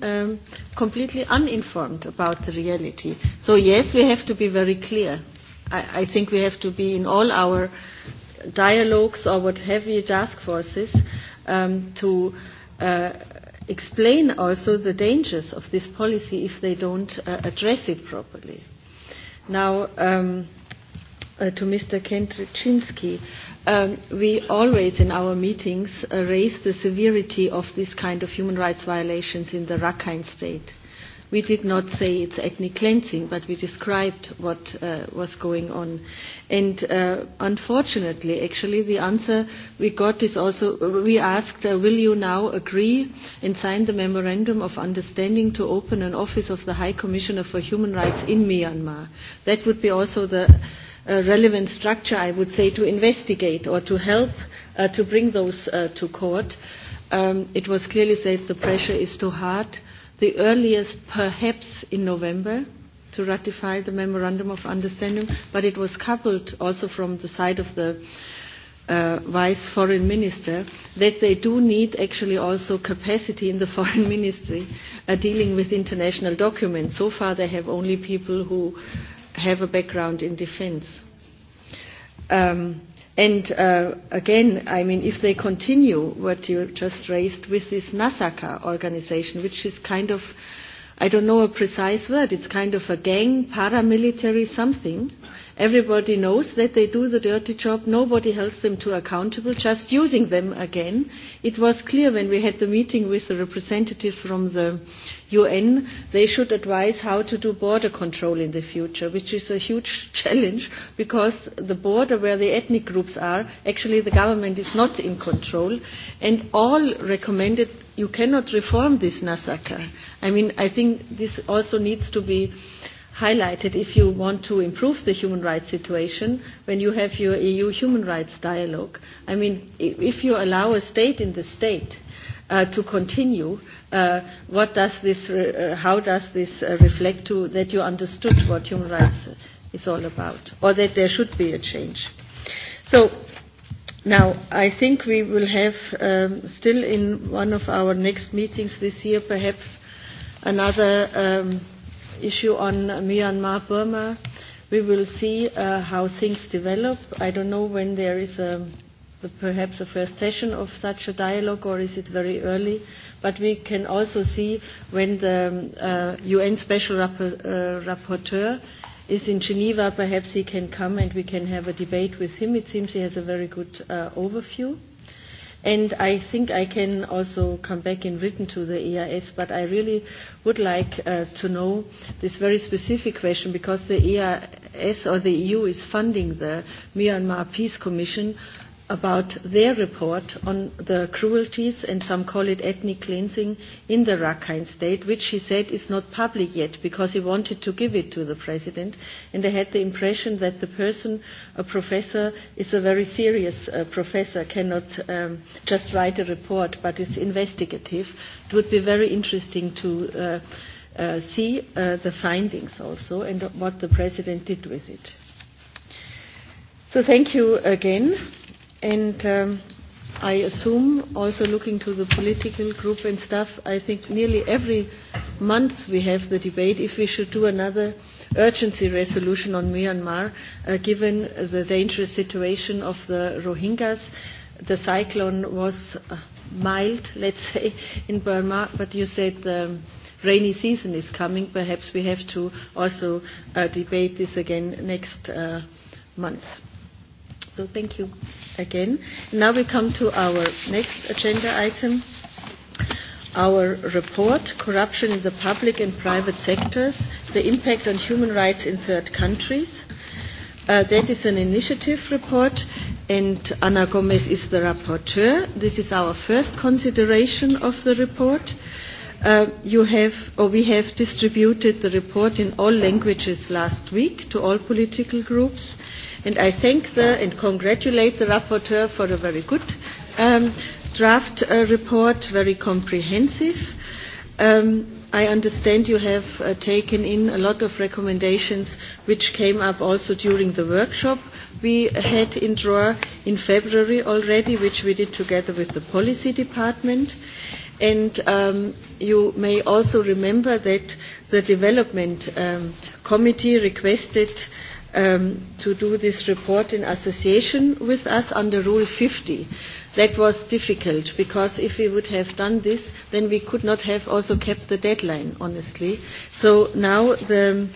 completely uninformed about the reality. So yes, we have to be very clear. I, I think we have to be in all our dialogues or what have you, task forces, to explain also the dangers of this policy if they don't address it properly. Now, to Mr. Kentryczynski. We always in our meetings raise the severity of this kind of human rights violations in the Rakhine state. We did not say it's ethnic cleansing, but we described what was going on. And unfortunately, actually, the answer we got is also, we asked, will you now agree and sign the memorandum of understanding to open an office of the High Commissioner for Human Rights in Myanmar? That would be also the relevant structure, I would say, to investigate or to help to bring those to court. It was clearly said the pressure is too hard. The earliest, perhaps in November, to ratify the memorandum of understanding, but it was coupled also from the side of the vice foreign minister that they do need actually also capacity in the foreign ministry dealing with international documents. So far they have only people who have a background in defense. And again, I mean, if they continue what you just raised with this Nasaka organization, which is kind of, I don't know a precise word, it's kind of a gang, paramilitary something, Everybody knows that they do the dirty job. Nobody holds them to accountable, just using them again. It was clear when we had the meeting with the representatives from the UN, they should advise how to do border control in the future, which is a huge challenge because the border where the ethnic groups are, actually the government is not in control. And all recommended, you cannot reform this Nasaka. I mean, I think this also needs to be highlighted if you want to improve the human rights situation when you have your EU human rights dialogue. I mean, if you allow a state in the state to continue, what does this, how does this reflect to that you understood what human rights is all about, or that there should be a change? So Now, I think we will have still in one of our next meetings this year perhaps another issue on Myanmar, Burma. We will see how things develop. I don't know when there is a perhaps a first session of such a dialogue or is it very early but we can also see when the UN special rapporteur is in Geneva perhaps he can come and we can have a debate with him it seems he has a very good overview And I think I can also come back in written to the EIS, but I really would like to know this very specific question because the EIS or the EU is funding the Myanmar Peace Commission about their report on the cruelties and some call it ethnic cleansing in the Rakhine state, which he said is not public yet because he wanted to give it to the president. And I had the impression that the person, a professor, is a very serious professor, cannot just write a report, but is investigative. It would be very interesting to see the findings also and what the president did with it. So thank you again. And I assume, also looking to the political group and stuff, I think nearly every month we have the debate if we should do another urgency resolution on Myanmar, given the dangerous situation of the Rohingyas. The cyclone was mild, let's say, in Burma, but you said the rainy season is coming. Perhaps we have to also debate this again next month. So thank you again. Now we come to our next agenda item, our report, Corruption in the Public and Private Sectors, the Impact on Human Rights in Third Countries. That is an initiative report and Ana Gomez is the rapporteur. This is our first consideration of the report. You have, or we have distributed the report in all languages last week to all political groups and I thank the and congratulate the rapporteur for a very good draft report, very comprehensive. I understand you have taken in a lot of recommendations which came up also during the workshop we had in drawer in February already, which we did together with the policy department. And you may also remember that the development committee requested to do this report in association with us under Rule 50. That was difficult because if we would have done this, then we could not have also kept the deadline, honestly. So now the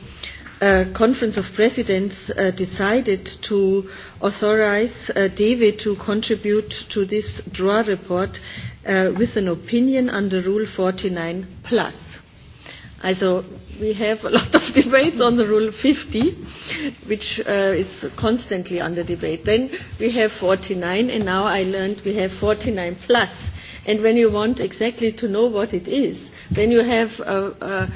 Conference of Presidents decided to authorize David to contribute to this draw report with an opinion under Rule 49 plus. Also we have a lot of debates on the Rule 50, which is constantly under debate. Then we have 49, and now I learned we have 49 plus. And when you want exactly to know what it is, then you have a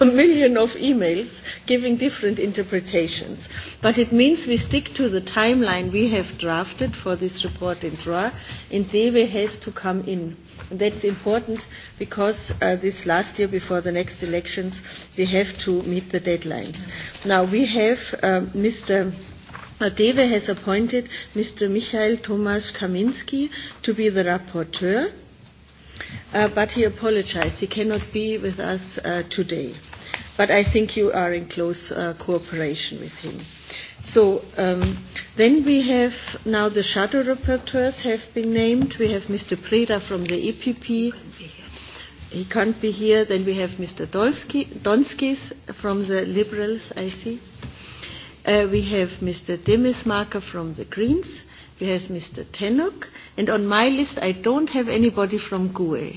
million of emails giving different interpretations. But it means we stick to the timeline we have drafted for this report in DRA, and DEWE has to come in. And that's important because this last year before the next elections, we have to meet the deadlines. Now, we have Mr. DEWE has appointed Mr. Michael Tomasz Kaminski to be the rapporteur but he apologized. He cannot be with us today. But I think you are in close cooperation with him. So then we have now the shadow rapporteurs have been named. We have Mr. Preda from the EPP. He can't be here. Then we have Mr. Donskis from the Liberals, I see. We have Mr. Demismarker from the Greens We have Mr. Tenok. And on my list, I don't have anybody from GUE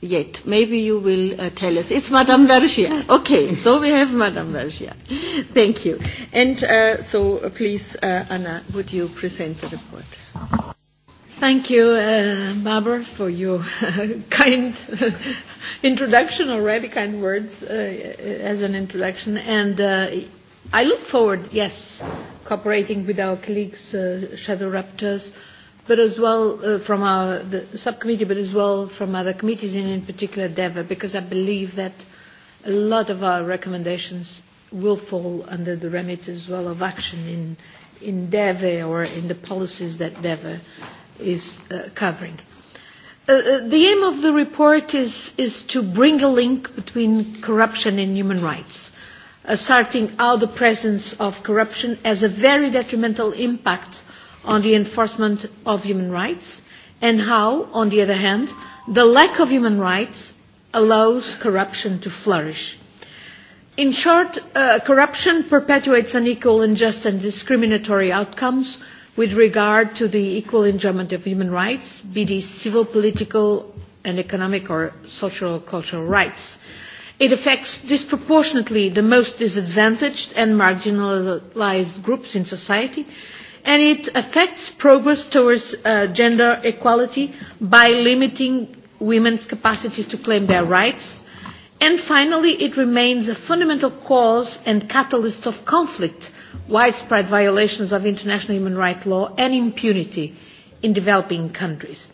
yet. Maybe you will tell us. It's Madame Vergia. Okay, so we have Madame Vergia. Thank you. And so please, Anna, would you present the report? Thank you, Barbara, for your kind introduction already, kind words as an introduction. And I look forward, yes, cooperating with our colleagues, shadow rapporteurs, but as well from our subcommittee, but as well from other committees, and in particular DEVA, because I believe that a lot of our recommendations will fall under the remit as well of action in in DEVA or in the policies that DEVA is covering. The aim of the report is to bring a link between corruption and human rights. Asserting how the presence of corruption has a very detrimental impact on the enforcement of human rights and how, on the other hand, the lack of human rights allows corruption to flourish. In short, corruption perpetuates unequal, unjust and discriminatory outcomes with regard to the equal enjoyment of human rights, be these civil, political and economic or social or cultural rights. It affects disproportionately the most disadvantaged and marginalised groups in society, and it affects progress towards gender equality by limiting women's capacities to claim their rights. And finally, it remains a fundamental cause and catalyst of conflict, widespread violations of international human rights law, and impunity in developing countries.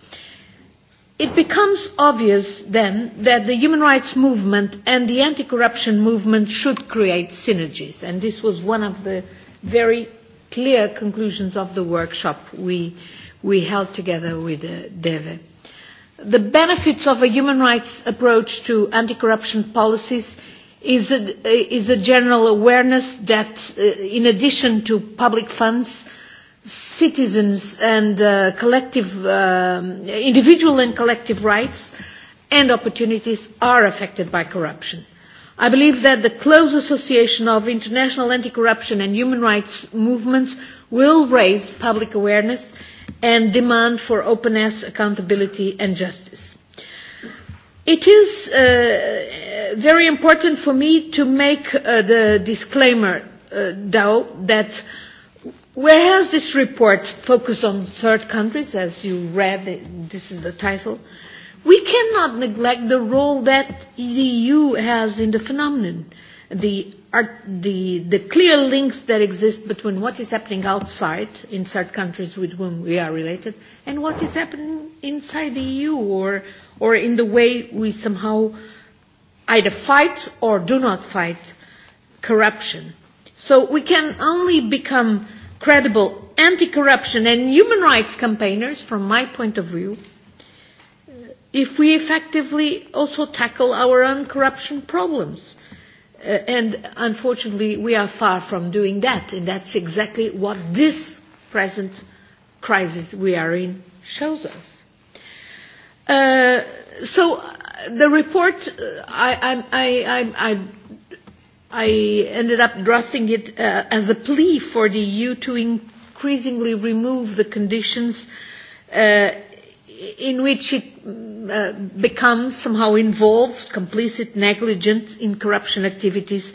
It becomes obvious then that the human rights movement and the anti-corruption movement should create synergies, and this was one of the very clear conclusions of the workshop we we held together with DEVE. The benefits of a human rights approach to anti-corruption policies is a general awareness that, in addition to public funds, citizens and collective individual and collective rights and opportunities are affected by corruption. I believe that the close association of international anti-corruption and human rights movements will raise public awareness and demand for openness, accountability and justice. It is very important for me to make the disclaimer, though, that Whereas this report focused on third countries, as you read, this is the title, we cannot neglect the role that the EU has in the phenomenon, the, the, the clear links that exist between what is happening outside, in third countries with whom we are related, and what is happening inside the EU or, or in the way we somehow either fight or do not fight corruption. So we can only become credible anti-corruption and human rights campaigners, from my point of view, if we effectively also tackle our own corruption problems. And unfortunately, we are far from doing that, and that's exactly what this present crisis we are in shows us. So the report, I I ended up drafting it as a plea for the EU to increasingly remove the conditions in which it becomes somehow involved, complicit, negligent in corruption activities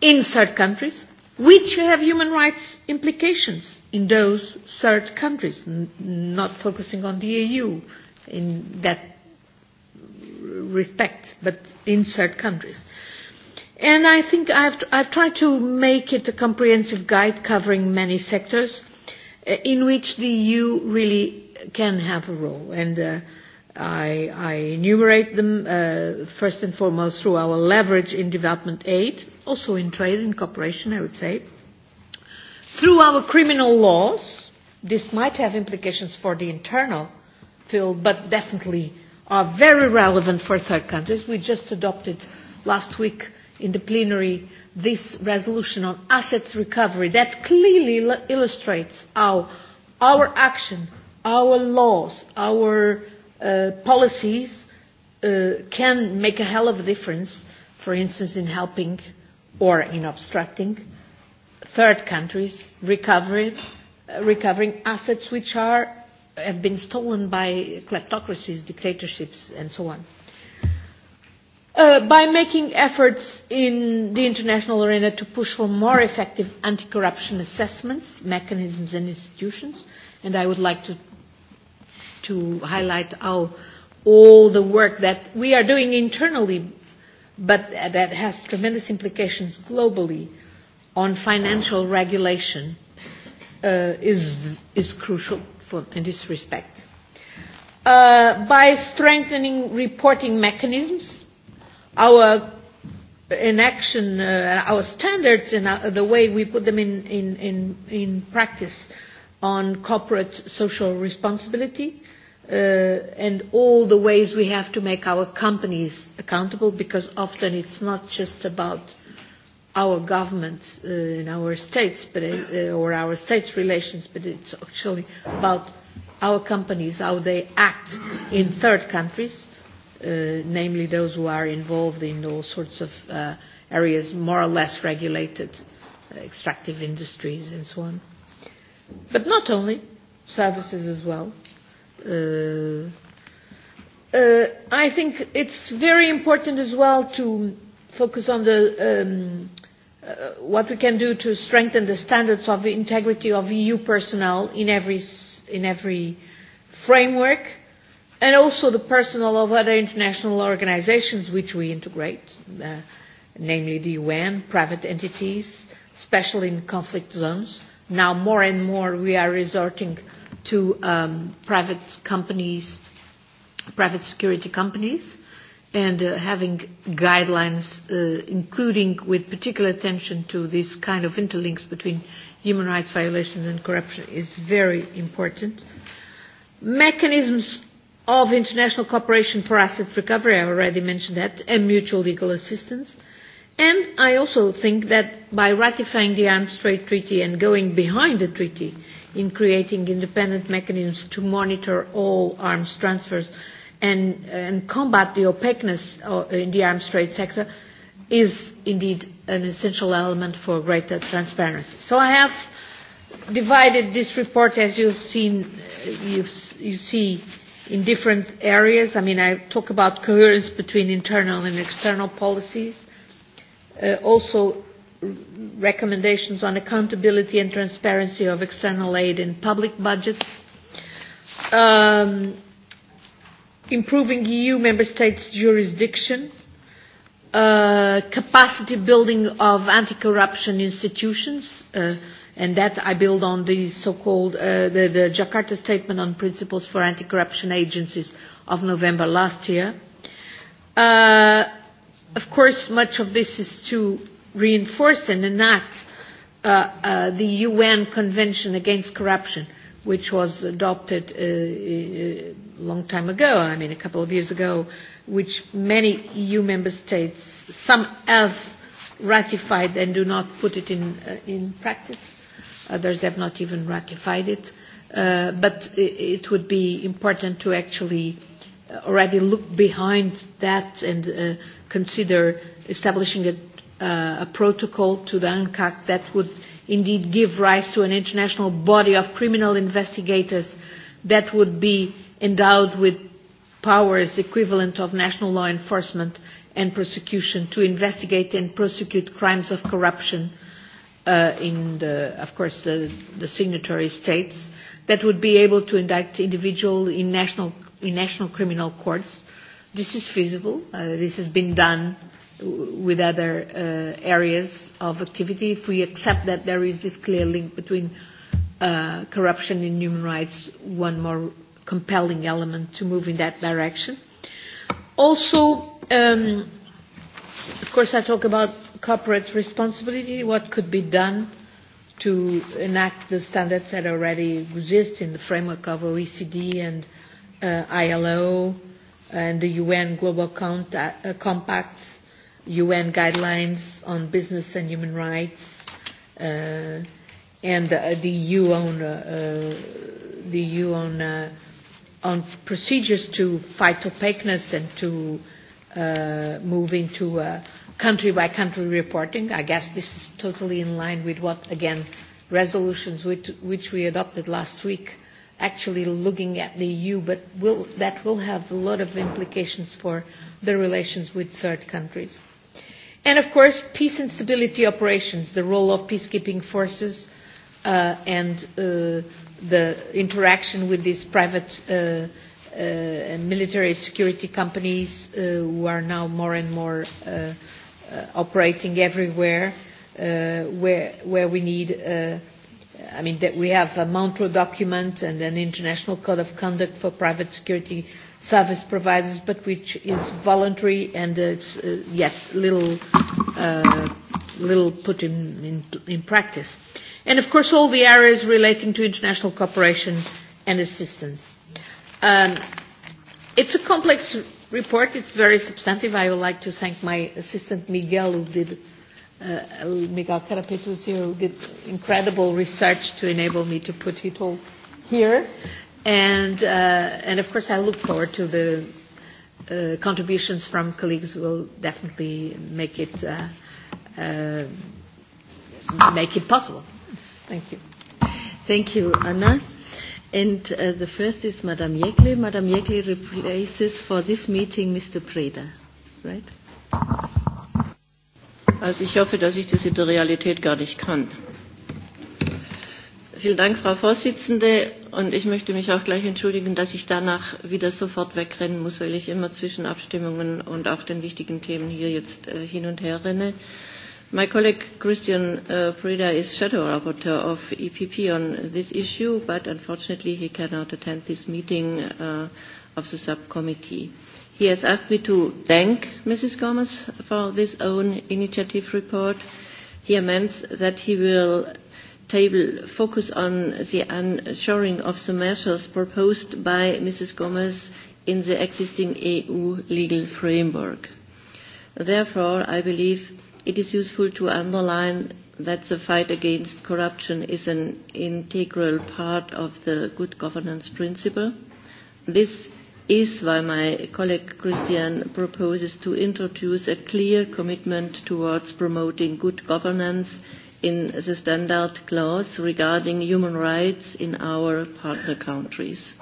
in third countries, which have human rights implications in those third countries, not focusing on the EU in that respect, but in third countries. And I think I've I've tried to make it a comprehensive guide covering many sectors in which the EU really can have a role. And I I enumerate them first and foremost through our leverage in development aid, also in trade and cooperation, I would say, through our criminal laws. This might have implications for the internal field, but definitely are very relevant for third countries. We just adopted last week in the plenary this resolution on assets recovery that clearly illustrates how our action, our laws, our policies can make a hell of a difference, for instance, in helping or in obstructing third countries recovering assets which have been stolen by kleptocracies, dictatorships, and so on by making efforts in the international arena to push for more effective anti-corruption assessments, mechanisms and institutions. And I would like to highlight how all the work that we are doing internally, but that has tremendous implications globally on financial regulation, is crucial in this respect. By strengthening reporting mechanisms our inaction, our standards and the way we put them in, in, in, in practice on corporate social responsibility and all the ways we have to make our companies accountable because often it's not just about our government in our states but or our states' relations but it's actually about our companies, how they act in third countries namely those who are involved in all sorts of areas more or less regulated, extractive industries and so on. But not only, services as well. I think it's very important as well to focus on the what we can do to strengthen the standards of integrity of EU personnel in every in every framework and also the personnel of other international organizations which we integrate, namely the UN, private entities, especially in conflict zones. Now more and more we are resorting to private companies, private security companies, and having guidelines, including with particular attention to this kind of interlinks between human rights violations and corruption, is very important. Mechanisms of international cooperation for asset recovery, I already mentioned that, and mutual legal assistance. And I also think that by ratifying the Arms Trade Treaty and going behind the treaty in creating independent mechanisms to monitor all arms transfers and, and combat the opaqueness in the arms trade sector is indeed an essential element for greater transparency. So I have divided this report, as you've seen, you see in different areas. I mean, I talk about coherence between internal and external policies. Also, recommendations on accountability and transparency of external aid in public budgets. Improving EU member states' jurisdiction. Capacity building of anti-corruption institutions and that I build on the so-called the Jakarta Statement on Principles for Anti-Corruption Agencies of November last year. Of course, much of this is to reinforce and enact the UN Convention Against Corruption, which was adopted a long time ago, I mean a couple of years ago, which many EU member states, some have ratified and do not put it in practice. Others have not even ratified it. But it would be important to actually already look behind that and consider establishing a protocol to the UNCAC that would indeed give rise to an international body of criminal investigators that would be endowed with powers equivalent of national law enforcement and prosecution to investigate and prosecute crimes of corruption in the of course the the signatory states that would be able to indict individuals in national in national criminal courts. This is feasible. This has been done with other areas of activity. If we accept that there is this clear link between corruption and human rights, one more compelling element to move in that direction. Also, of course, I talk about corporate responsibility, what could be done to enact the standards that already exist in the framework of OECD and ILO and the UN Global Compact, UN guidelines on business and human rights, and the EU on the EU on on procedures to fight opaqueness and to move into country by country reporting. I guess this is totally in line with what, again, resolutions which we adopted last week, actually looking at the EU, but that will have a lot of implications for the relations with third countries. And of course, peace and stability operations, the role of peacekeeping forces and the interaction with these private military security companies who are now more and more operating everywhere where where we need I mean that we have a Montreux document and an international code of conduct for private security service providers, but which is voluntary and it's yet little little put in in practice. And of course all the areas relating to international cooperation and assistance. It's a complex report. It's very substantive. I would like to thank my assistant Miguel who did uh, Miguel Carapetus who did incredible research to enable me to put it all here. And, uh, and of course I look forward to the uh, contributions from colleagues who will definitely make it, uh, uh, make it possible. Thank you. Thank you, Anna. And the first is Madame Jekle. Madame Jekle replaces for this meeting Mr. Preda, right? Also ich hoffe, dass ich das in der Realität gar nicht kann. Vielen Dank, Frau Vorsitzende. Und ich möchte mich auch gleich entschuldigen, dass ich danach wieder sofort wegrennen muss, weil ich immer zwischen Abstimmungen und auch den wichtigen Themen hier jetzt hin und her renne. My colleague Christian Preda is shadow rapporteur of EPP on this issue, but unfortunately he cannot attend this meeting of the subcommittee. He has asked me to thank Mrs. Gomez for this own initiative report. He amends that he will table focus on the ensuring of the measures proposed by Mrs. Gomez in the existing EU legal framework. Therefore, I believe it is useful to underline that the fight against corruption is an integral part of the good governance principle. This is why my colleague Christian proposes to introduce a clear commitment towards promoting good governance in the standard clause regarding human rights in our partner countries.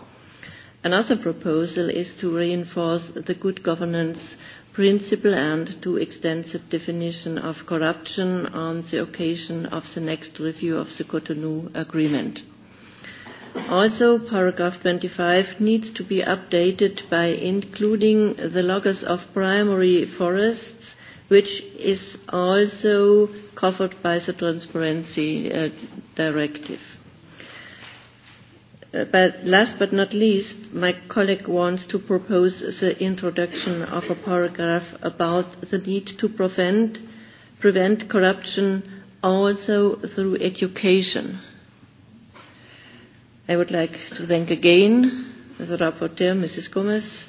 Another proposal is to reinforce the good governance principle and to extensive definition of corruption on the occasion of the next review of the Cotonou Agreement. Also, paragraph 25 needs to be updated by including the loggers of primary forests, which is also covered by the Transparency Directive. But last but not least, my colleague wants to propose the introduction of a paragraph about the need to prevent prevent corruption also through education. I would like to thank again the rapporteur, Mrs. Gomez,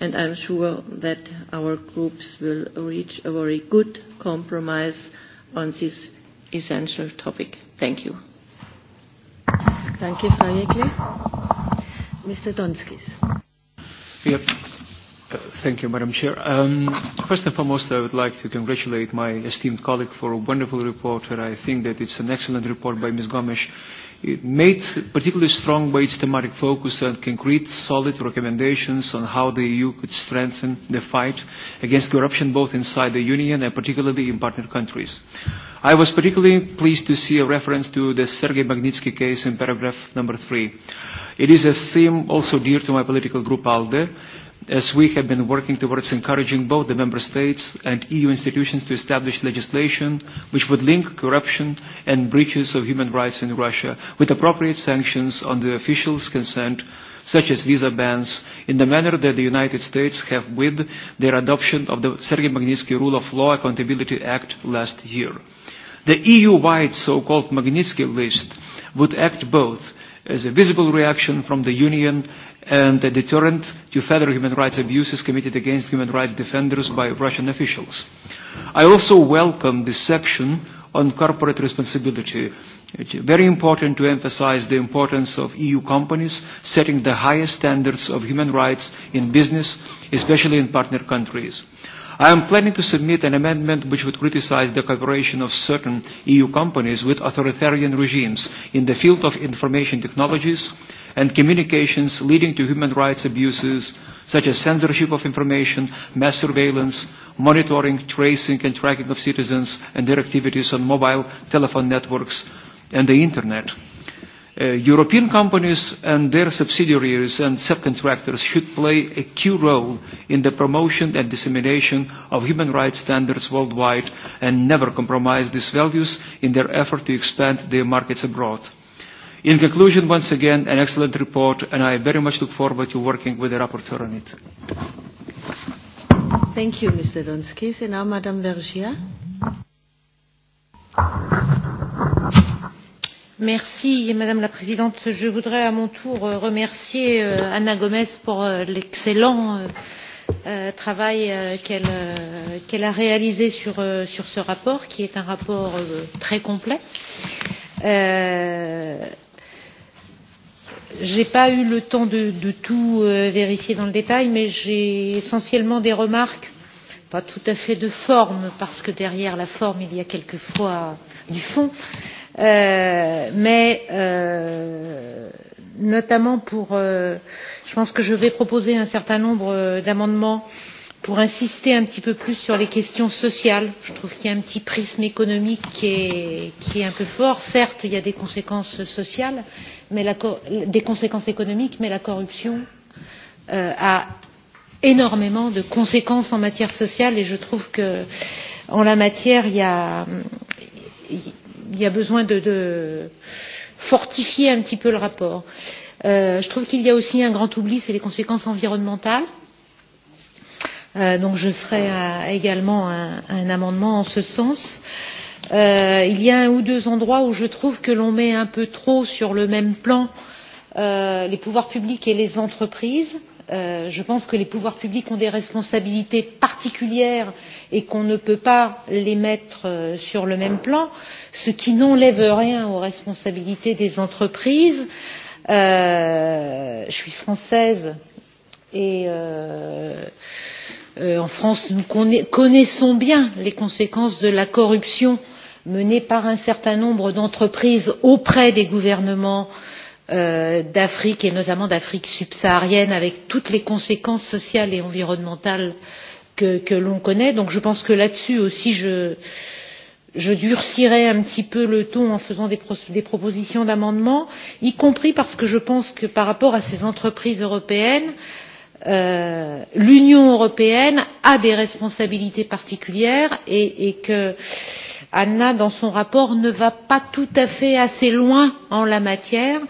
and I'm sure that our groups will reach a very good compromise on this essential topic. Thank you. Mr. Donskis. Thank you, Madam Chair. Um, first and foremost, I would like to congratulate my esteemed colleague for a wonderful report, and I think that it's an excellent report by Ms. Gomes It made particularly strong by its thematic focus and concrete, solid recommendations on how the EU could strengthen the fight against corruption both inside the Union and particularly in partner countries. I was particularly pleased to see a reference to the Sergei Magnitsky case in paragraph number three. It is a theme also dear to my political group ALDE, as we have been working towards encouraging both the member states and EU institutions to establish legislation which would link corruption and breaches of human rights in Russia with appropriate sanctions on the officials concerned such as visa bans, in the manner that the United States have with their adoption of the Sergei Magnitsky Rule of Law Accountability Act last year. The EU-wide so-called Magnitsky List would act both as a visible reaction from the Union and a deterrent to further human rights abuses committed against human rights defenders by Russian officials. I also welcome this section on corporate responsibility. It's very important to emphasize the importance of EU companies setting the highest standards of human rights in business, especially in partner countries. I am planning to submit an amendment which would criticize the cooperation of certain EU companies with authoritarian regimes in the field of information technologies, and communications leading to human rights abuses, such as censorship of information, mass surveillance, monitoring, tracing and tracking of citizens and their activities on mobile telephone networks and the Internet. European companies and their subsidiaries and subcontractors should play a key role in the promotion and dissemination of human rights standards worldwide and never compromise these values in their effort to expand their markets abroad. In conclusion, once again, an excellent report, and I very much look forward to working with the rapporteur on it. Thank you, Mr. Donskis. And now, Madame Vergia. Merci, Madame la Présidente. Je voudrais à mon tour remercier Anna Gomez pour l'excellent travail qu'elle a réalisé sur ce rapport, qui est un rapport très complet Je n'ai pas eu le temps de tout vérifier dans le détail, mais j'ai essentiellement des remarques, pas tout à fait de forme, parce que derrière la forme, il y a quelquefois du fond, mais notamment pour. Je pense que je vais proposer un certain nombre d'amendements pour insister un petit peu plus sur les questions sociales. Je trouve qu'il y a un petit prisme économique qui est un peu fort. Certes, il y a des conséquences sociales des conséquences économiques, mais la corruption a énormément de conséquences en matière sociale et je trouve que en la matière, il y a, il y a besoin de, de fortifier un petit peu le rapport. je trouve qu'il y a aussi un grand oubli, c'est les conséquences environnementales. donc je ferai également un, amendement en ce sens il y a un ou deux endroits où je trouve que l'on met un peu trop sur le même plan les pouvoirs publics et les entreprises. Je pense que les pouvoirs publics ont des responsabilités particulières et qu'on ne peut pas les mettre sur le même plan, ce qui n'enlève rien aux responsabilités des entreprises. Je suis française et en France, nous connaissons bien les conséquences de la corruption menée par un certain nombre d'entreprises auprès des gouvernements d'Afrique et notamment d'Afrique subsaharienne avec toutes les conséquences sociales et environnementales que l'on connaît. Donc je pense que là-dessus aussi je durcirai un petit peu le ton en faisant des propositions d'amendement, y compris parce que je pense que par rapport à ces entreprises européennes, l'Union européenne a des responsabilités particulières et que Anna, dans son rapport, ne va pas tout à fait assez loin en la matière,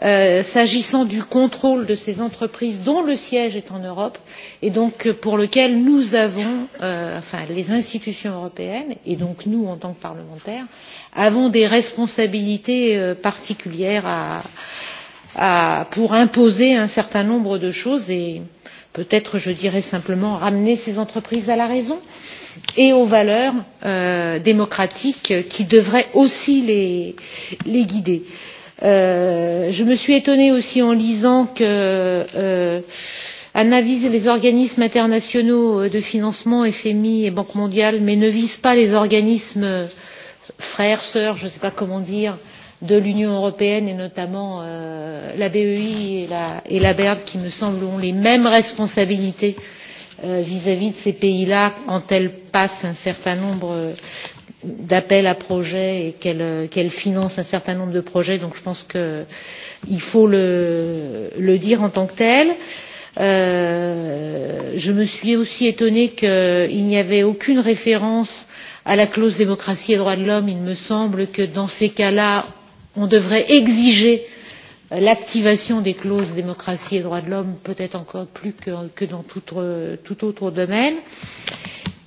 s'agissant du contrôle de ces entreprises dont le siège est en Europe et donc pour lequel nous avons, enfin les institutions européennes et donc nous en tant que parlementaires, avons des responsabilités particulières pour imposer un certain nombre de choses et peut-être, je dirais simplement, ramener ces entreprises à la raison et aux valeurs démocratiques qui devraient aussi les guider. Je me suis étonnée aussi en lisant que avis les organismes internationaux de financement, FMI et Banque mondiale, mais ne visent pas les organismes frères, sœurs, je ne sais pas comment dire, de l'Union européenne et notamment la BEI et la BERD qui me semblent ont les mêmes responsabilités vis-à-vis de ces pays-là quand elles passent un certain nombre d'appels à projets et qu'elles financent un certain nombre de projets. Donc je pense qu'il faut le dire en tant que tel. Je me suis aussi étonnée qu'il n'y avait aucune référence à la clause démocratie et droits de l'homme. Il me semble que dans ces cas-là, on devrait exiger l'activation des clauses démocratie et droits de l'homme peut être encore plus que dans tout autre domaine.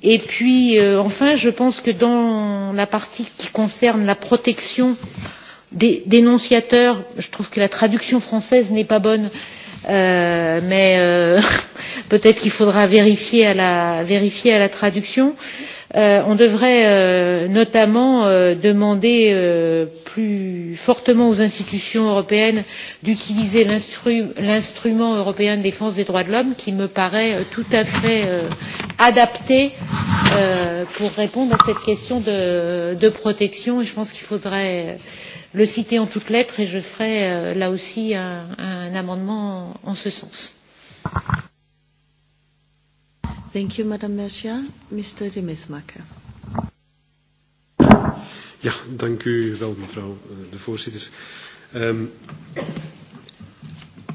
Et puis, enfin, je pense que dans la partie qui concerne la protection des dénonciateurs, je trouve que la traduction française n'est pas bonne, mais peut-être qu'il faudra vérifier à la traduction on devrait notamment demander plus fortement aux institutions européennes d'utiliser l'instrument européen de défense des droits de l'homme qui me paraît tout à fait adapté pour répondre à cette question de protection et je pense qu'il faudrait le citer en toutes lettres et je ferai là aussi un amendement en ce sens. Thank mevrouw de voorzitter.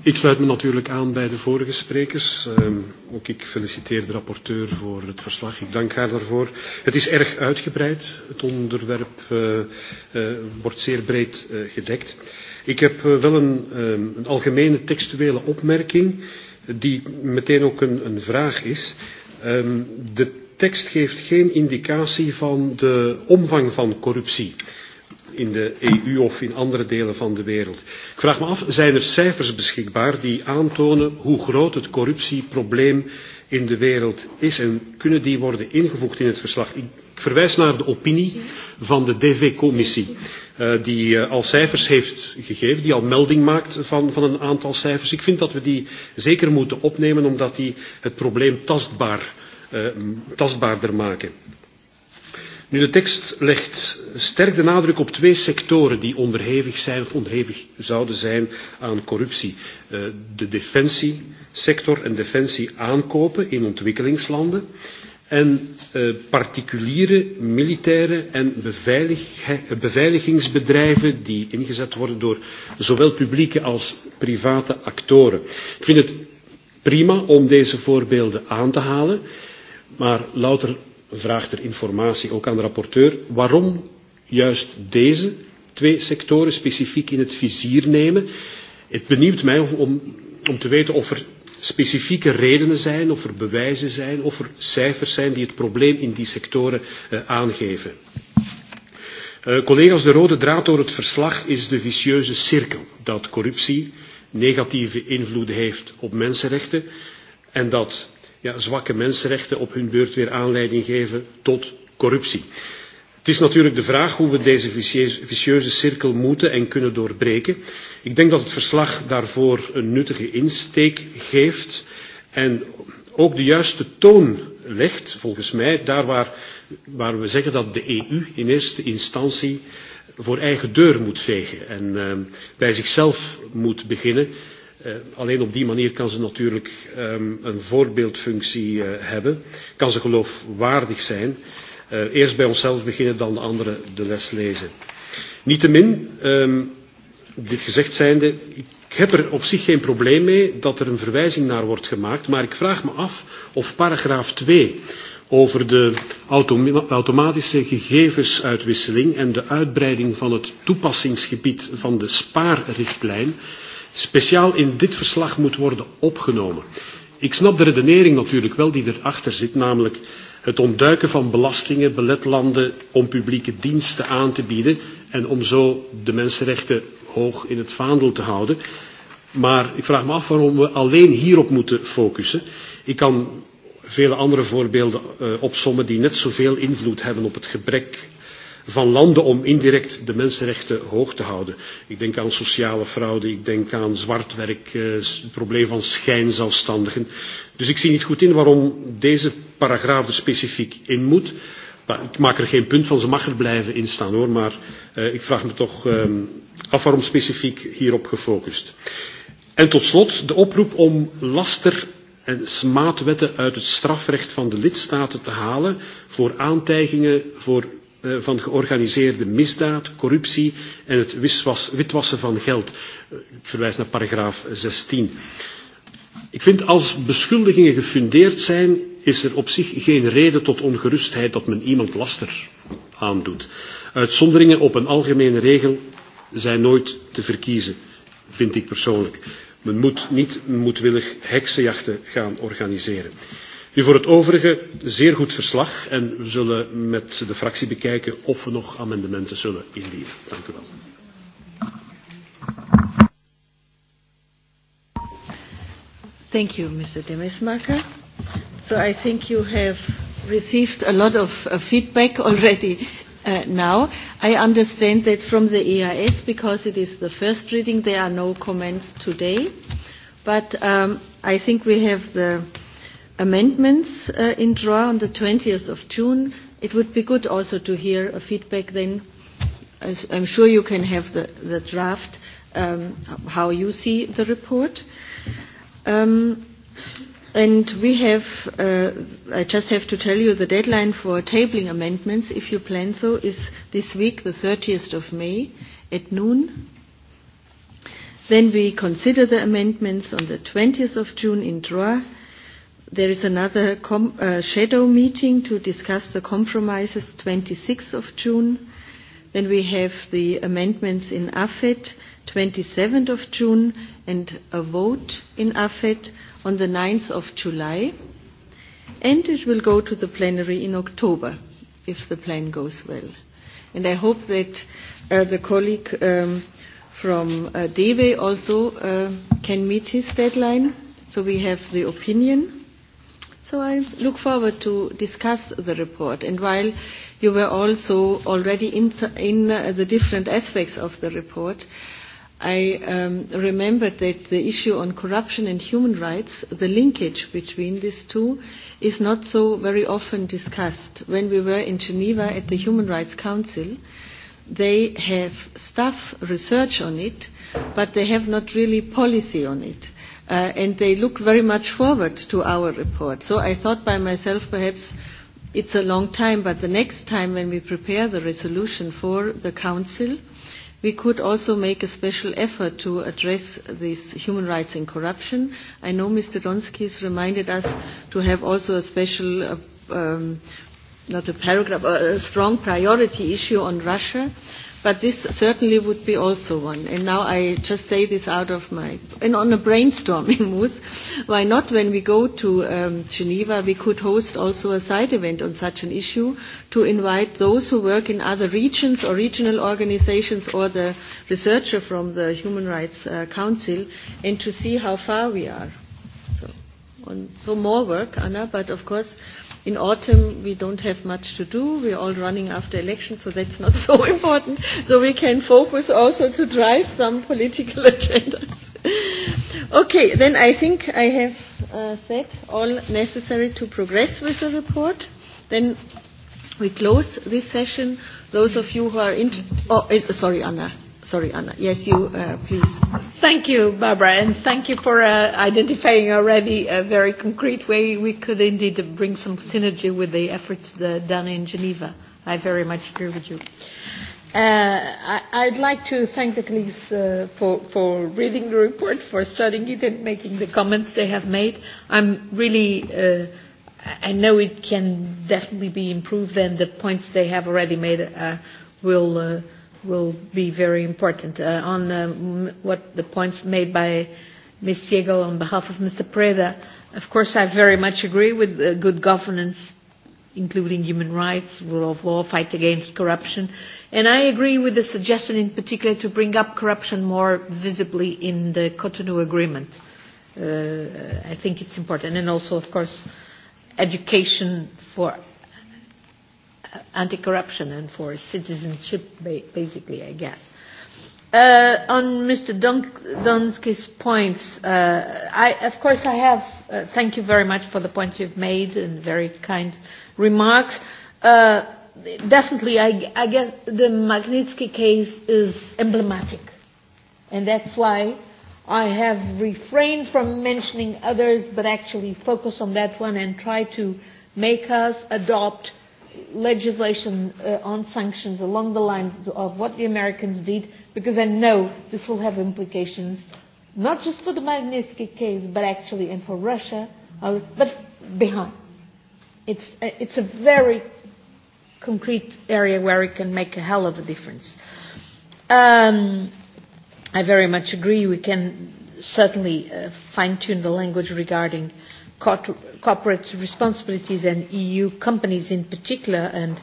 ik sluit me natuurlijk aan bij de vorige sprekers. ook ik feliciteer de rapporteur voor het verslag. Ik dank haar daarvoor. Het is erg uitgebreid. Het onderwerp uh, wordt zeer breed gedekt. Ik heb wel een, een algemene textuele opmerking die meteen ook een vraag is. De tekst geeft geen indicatie van de omvang van corruptie in de EU of in andere delen van de wereld. Ik vraag me af, zijn er cijfers beschikbaar die aantonen hoe groot het corruptieprobleem in de wereld is en kunnen die worden ingevoegd in het verslag? Ik verwijs naar de opinie van de DV-commissie die al cijfers heeft gegeven, die al melding maakt van, van een aantal cijfers. Ik vind dat we die zeker moeten opnemen omdat die het probleem tastbaar, tastbaarder maken. Nu, de tekst legt sterk de nadruk op twee sectoren die onderhevig zijn of onderhevig zouden zijn aan corruptie. De defensiesector en defensie aankopen in ontwikkelingslanden en particuliere militaire en beveiligingsbedrijven die ingezet worden door zowel publieke als private actoren. Ik vind het prima om deze voorbeelden aan te halen, maar louter vraagt er informatie ook aan de rapporteur waarom juist deze twee sectoren specifiek in het vizier nemen. Het benieuwt mij om, om te weten of er specifieke redenen zijn, of er bewijzen zijn, of er cijfers zijn die het probleem in die sectoren aangeven. Collega's, de rode draad door het verslag is de vicieuze cirkel dat corruptie negatieve invloed heeft op mensenrechten en dat zwakke mensenrechten op hun beurt weer aanleiding geven tot corruptie. Het is natuurlijk de vraag hoe we deze vicieuze cirkel moeten en kunnen doorbreken. Ik denk dat het verslag daarvoor een nuttige insteek geeft en ook de juiste toon legt, volgens mij, daar waar we zeggen dat de EU in eerste instantie voor eigen deur moet vegen en bij zichzelf moet beginnen Alleen op die manier kan ze natuurlijk een voorbeeldfunctie hebben, kan ze geloofwaardig zijn. Eerst bij onszelf beginnen, dan de anderen de les lezen. Niettemin, dit gezegd zijnde, ik heb er op zich geen probleem mee dat er een verwijzing naar wordt gemaakt, maar ik vraag me af of paragraaf 2 over de automatische gegevensuitwisseling en de uitbreiding van het toepassingsgebied van de spaarrichtlijn speciaal in dit verslag moet worden opgenomen. Ik snap de redenering natuurlijk wel die erachter zit, namelijk het ontduiken van belastingen belet landen om publieke diensten aan te bieden en om zo de mensenrechten hoog in het vaandel te houden. Maar ik vraag me af waarom we alleen hierop moeten focussen. Ik kan vele andere voorbeelden opsommen die net zoveel invloed hebben op het gebrek van landen om indirect de mensenrechten hoog te houden. Ik denk aan sociale fraude, ik denk aan zwart werk, het probleem van schijnzelfstandigen. Dus ik zie niet goed in waarom deze paragraaf er specifiek in moet. Ik maak er geen punt van, ze mag er blijven in staan hoor, maar ik vraag me toch af waarom specifiek hierop gefocust. En tot slot de oproep om laster en smaadwetten uit het strafrecht van de lidstaten te halen voor aantijgingen voor van georganiseerde misdaad, corruptie en het witwassen van geld. Ik verwijs naar paragraaf 16. Ik vind als beschuldigingen gefundeerd zijn, is er op zich geen reden tot ongerustheid dat men iemand laster aandoet. Uitzonderingen op een algemene regel zijn nooit te verkiezen, vind ik persoonlijk. Men moet niet moedwillig heksenjachten gaan organiseren. Nu voor het overige zeer goed verslag en we zullen met de fractie bekijken of we nog amendementen zullen indienen. Dank u wel. Thank you, Mr. Demesmaker. So I think you have received a lot of feedback already now. I understand that from the EIS, because it is the first reading, there are no comments today. But I think we have the amendments in draw on the 20th of June. It would be good also to hear a feedback then. I'm sure you can have the, the draft, how you see the report. and we have, I just have to tell you the deadline for tabling amendments, if you plan so, is this week, the 30th of May at noon. Then we consider the amendments on the 20th of June in draw. There is another shadow meeting to discuss the compromises 26th of June. Then we have the amendments in AFET 27th of June and a vote in AFET on the 9th of July. And it will go to the plenary in October if the plan goes well. And I hope that the colleague from DEWE also can meet his deadline. So we have the opinion. So I look forward to discuss the report. And while you were also already in the different aspects of the report, I remembered that the issue on corruption and human rights, the linkage between these two, is not so very often discussed. When we were in Geneva at the Human Rights Council, they have staff research on it, but they have not really policy on it and they look very much forward to our report. So I thought by myself perhaps it's a long time, but the next time when we prepare the resolution for the Council, we could also make a special effort to address this human rights and corruption. I know Mr. Donskis reminded us to have also a special not a paragraph, a strong priority issue on Russia, but this certainly would be also one. And now I just say this out of my, and on a brainstorming mood, why not when we go to Geneva, we could host also a side event on such an issue to invite those who work in other regions or regional organizations or the researcher from the Human Rights Council and to see how far we are. So, on, so more work, Anna, but of course In autumn, we don't have much to do. We're all running after elections, so that's not so important. So we can focus also to drive some political agendas. Okay, then I think I have said all necessary to progress with the report. Then we close this session. Those of you who are interested... Oh, sorry, Anna. Sorry, Anna. Yes, you, please. Thank you, Barbara, and thank you for identifying already a very concrete way we could indeed bring some synergy with the efforts done in Geneva. I very much agree with you. I I'd like to thank the colleagues for reading the report, for studying it, and making the comments they have made. I'm really I know it can definitely be improved, and the points they have already made will will be very important. On what the points made by Ms. Siegel on behalf of Mr. Preda, of course I very much agree with good governance, including human rights, rule of law, fight against corruption, and I agree with the suggestion in particular to bring up corruption more visibly in the Cotonou Agreement. I think it's important, and also, of course, education for anti-corruption and for citizenship, basically, I guess. On Mr. Donsky's points, of course I have. Thank you very much for the points you've made and very kind remarks. Definitely, I guess the Magnitsky case is emblematic, and that's why I have refrained from mentioning others, but actually focus on that one and try to make us adopt legislation on sanctions along the lines of what the Americans did, because I know this will have implications not just for the Magnitsky case, but actually and for Russia, but behind. It's it's a very concrete area where it can make a hell of a difference. Um, I very much agree. We can certainly fine-tune the language regarding corporate responsibilities and EU companies in particular. And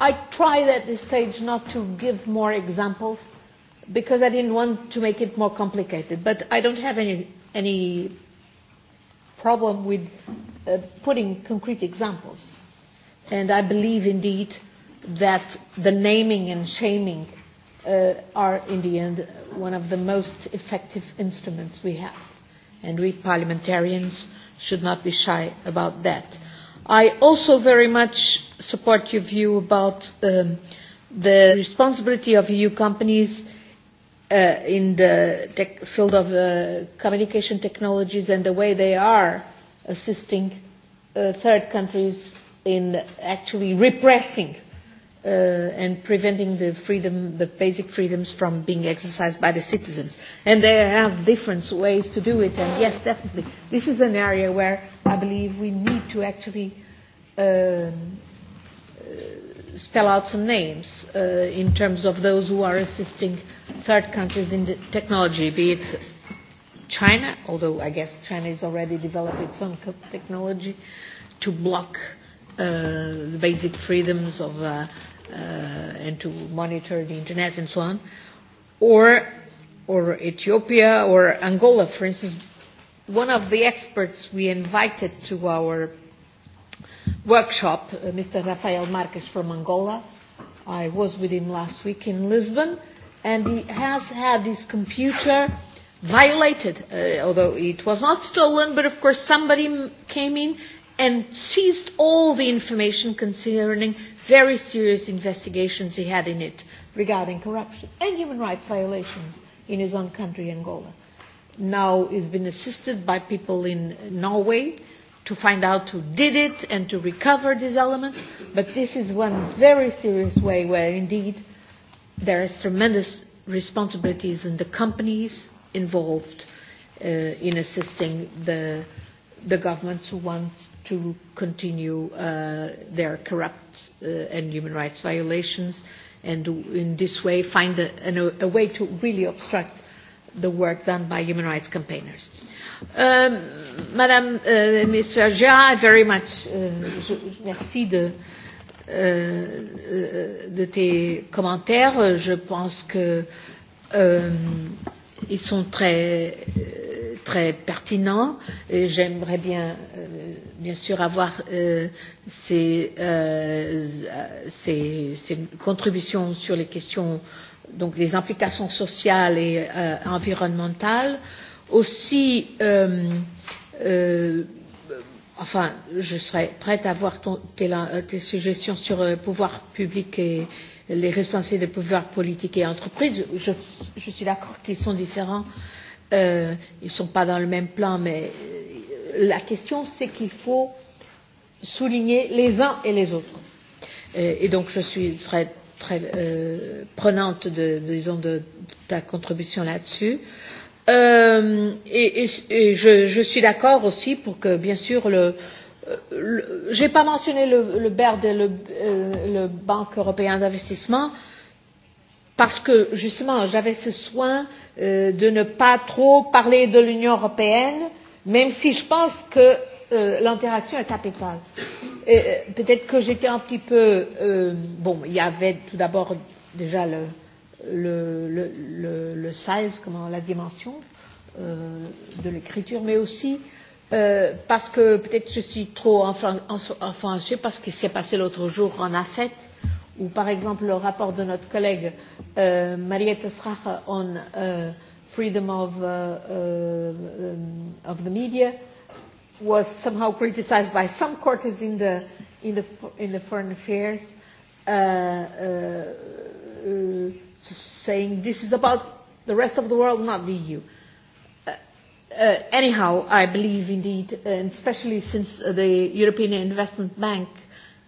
I tried at this stage not to give more examples because I didn't want to make it more complicated. But I don't have any any problem with putting concrete examples. And I believe indeed that the naming and shaming are in the end one of the most effective instruments we have. And we parliamentarians should not be shy about that. I also very much support your view about the responsibility of EU companies in the field of communication technologies and the way they are assisting third countries in actually repressing and preventing the freedom, the basic freedoms from being exercised by the citizens. And they have different ways to do it. And yes, definitely, this is an area where I believe we need to actually spell out some names in terms of those who are assisting third countries in the technology, be it China, although I guess China is already developing its own technology to block the basic freedoms of and to monitor the internet and so on, or or Ethiopia or Angola, for instance. One of the experts we invited to our workshop, Mr. Rafael Marques from Angola, I was with him last week in Lisbon, and he has had his computer violated, although it was not stolen, but of course somebody came in and seized all the information concerning very serious investigations he had in it regarding corruption and human rights violations in his own country, Angola. Now he's been assisted by people in Norway to find out who did it and to recover these elements, but this is one very serious way where indeed there is tremendous responsibilities in the companies involved in assisting the the governments who want to continue their corrupt and human rights violations and in this way find a way to really obstruct the work done by human rights campaigners. Madame Mr. Já, I very much merci de de tes commentaires. Je pense que ils sont très très pertinents et j'aimerais bien bien sûr avoir ces ces ces contributions sur les questions donc les implications sociales et environnementales aussi enfin je serais prête à avoir tes suggestions sur le pouvoir public et les responsables des pouvoirs politiques et entreprises. Je suis d'accord qu'ils sont différents, ils ne sont pas dans le même plan, mais la question c'est qu'il faut souligner les uns et les autres. Et donc je suis très très prenante de disons de ta contribution là-dessus. Et je suis d'accord aussi pour que, bien sûr, le Je n'ai pas mentionné le BERD et le Banque européenne d'investissement parce que justement j'avais ce soin de ne pas trop parler de l'Union européenne même si je pense que l'interaction est capitale. Peut-être que j'étais un petit peu... Bon, il y avait tout d'abord déjà le, le, le, le size, comment, la dimension de l'écriture, mais aussi parce que peut-être je suis trop enfanchée parce qu'il s'est passé l'autre jour en AFET, ou par exemple le rapport de notre collègue euh, Mariette Strache on freedom of, of the media was somehow criticized by some quarters in the, in the, in the foreign affairs uh, saying this is about the rest of the world, not the EU anyhow, I believe indeed, and especially since the European Investment Bank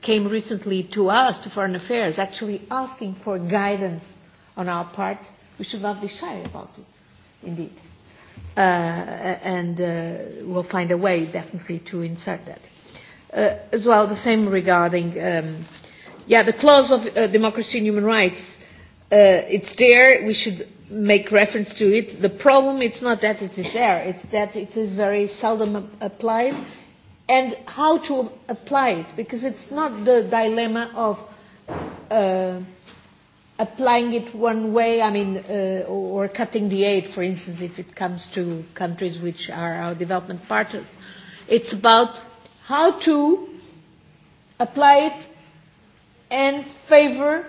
came recently to us, to Foreign Affairs, actually asking for guidance on our part, we should not be shy about it, indeed. And we'll find a way, definitely, to insert that. As well, the same regarding, yeah, the clause of democracy and human rights. It's there. We should make reference to it. The problem it's not that it is there, it's that it is very seldom applied and how to apply it, because it's not the dilemma of applying it one way, I mean, or cutting the aid, for instance, if it comes to countries which are our development partners. It's about how to apply it and favor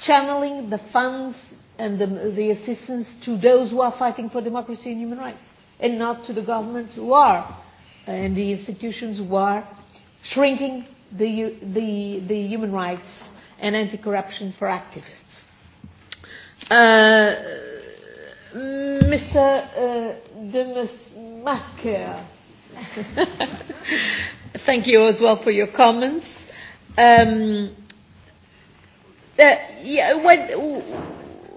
channeling the funds and the assistance to those who are fighting for democracy and human rights, and not to the governments who are, and the institutions who are shrinking the the the human rights and anti-corruption for activists. Mr. Demes thank you as well for your comments. Um,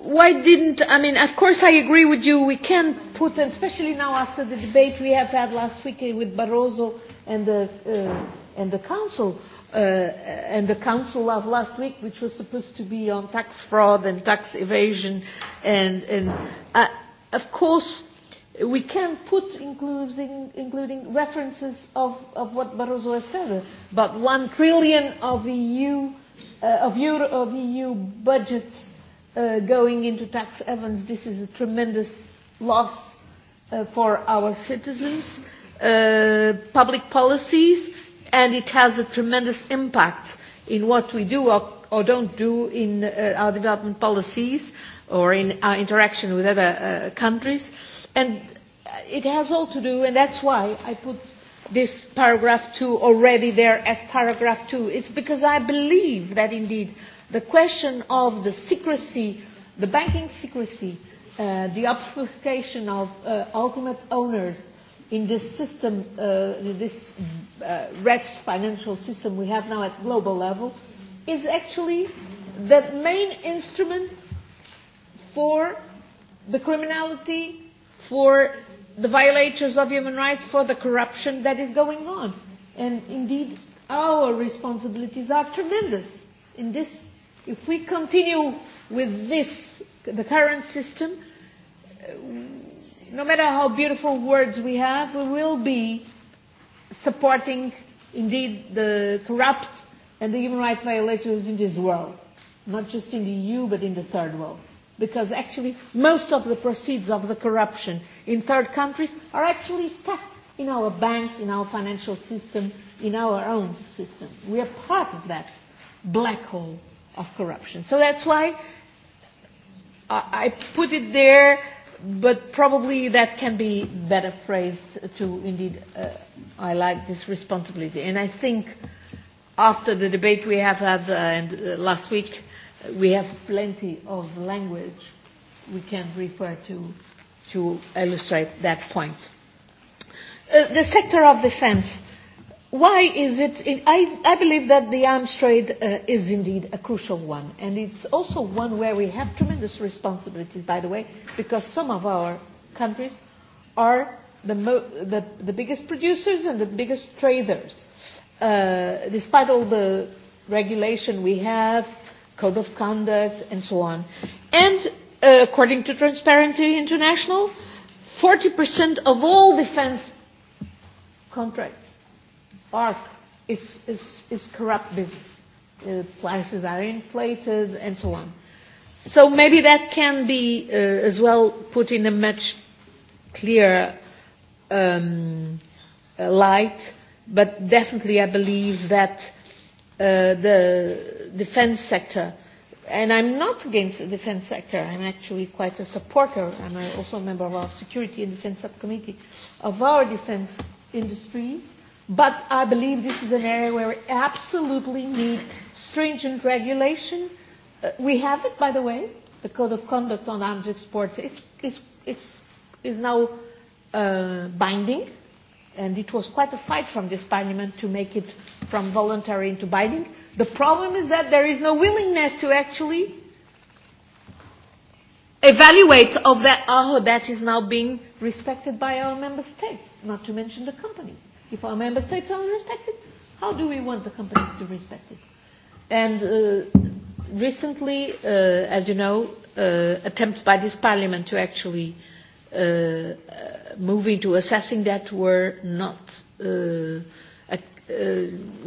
why didn't I mean of course I agree with you we can put especially now after the debate we have had last week with Barroso and the and the Council and the Council of last week which was supposed to be on tax fraud and tax evasion and and of course we can put including including references of of what Barroso has said But one trillion of EU of of EU budgets going into tax havens. This is a tremendous loss for our citizens, public policies, and it has a tremendous impact in what we do or don't do in our development policies or in our interaction with other countries. And it has all to do, and that's why I put this paragraph 2 already there as paragraph 2. It's because I believe that indeed The question of the secrecy, the banking secrecy, the obfuscation of ultimate owners in this system, this wrecked financial system we have now at global level, is actually the main instrument for the criminality, for the violators of human rights, for the corruption that is going on. And indeed, our responsibilities are tremendous in this If we continue with this, the current system, no matter how beautiful words we have, we will be supporting indeed the corrupt and the human rights violators in this world, not just in the EU but in the third world. Because actually most of the proceeds of the corruption in third countries are actually stuck in our banks, in our financial system, in our own system. We are part of that black hole of corruption. So that's why I put it there, but probably that can be better phrased to indeed I like this responsibility. And I think after the debate we have had and last week, we have plenty of language we can refer to to illustrate that point. The sector of defense Why is it? I, believe that the arms trade is indeed a crucial one, and it's also one where we have tremendous responsibilities, by the way, because some of our countries are the, the, the biggest producers and the biggest traders. despite all the regulation we have, code of conduct, and so on. And according to Transparency International, 40% of all defense contracts art is, is, is corrupt business. prices are inflated and so on. So maybe that can be as well put in a much clearer um, light, but definitely I believe that the defense sector and I'm not against the defense sector. I'm actually quite a supporter. I'm also a member of our Security and Defense Subcommittee of our defense industries But I believe this is an area where we absolutely need stringent regulation. We have it, by the way. The Code of Conduct on Arms Exports is, is, is, is now binding, and it was quite a fight from this Parliament to make it from voluntary into binding. The problem is that there is no willingness to actually evaluate of that, oh, that is now being respected by our member states, not to mention the companies. If our member states are respected, how do we want the companies to respect it? And recently, as you know, attempts by this Parliament to actually move into assessing that were not were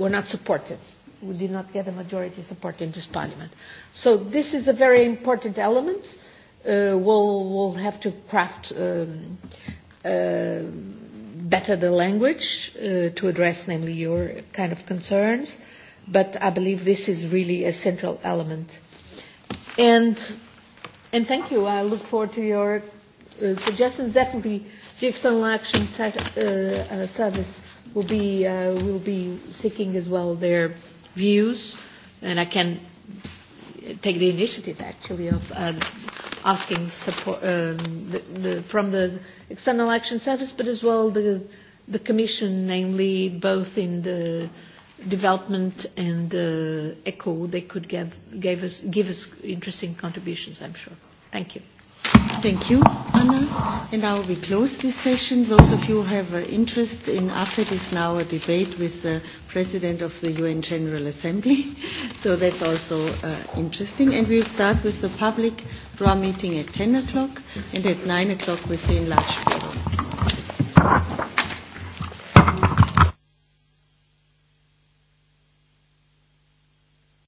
not supported. We did not get a majority support in this Parliament. So this is a very important element. We'll have to craft better the language to address namely your kind of concerns but I believe this is really a central element and and thank you I look forward to your suggestions definitely the external action service will be will be seeking as well their views and I can take the initiative actually of asking support from the External Action Service, but as well the the Commission, namely both in the development and ECHO, they could give us give us interesting contributions, I'm sure. Thank you. Thank you, Anna. And now we close this session. Those of you who have interest in after this now a debate with the President of the UN General Assembly. So that's also interesting. And we'll start with the public draw meeting at 10 o'clock and at 9 o'clock with the enlarged forum.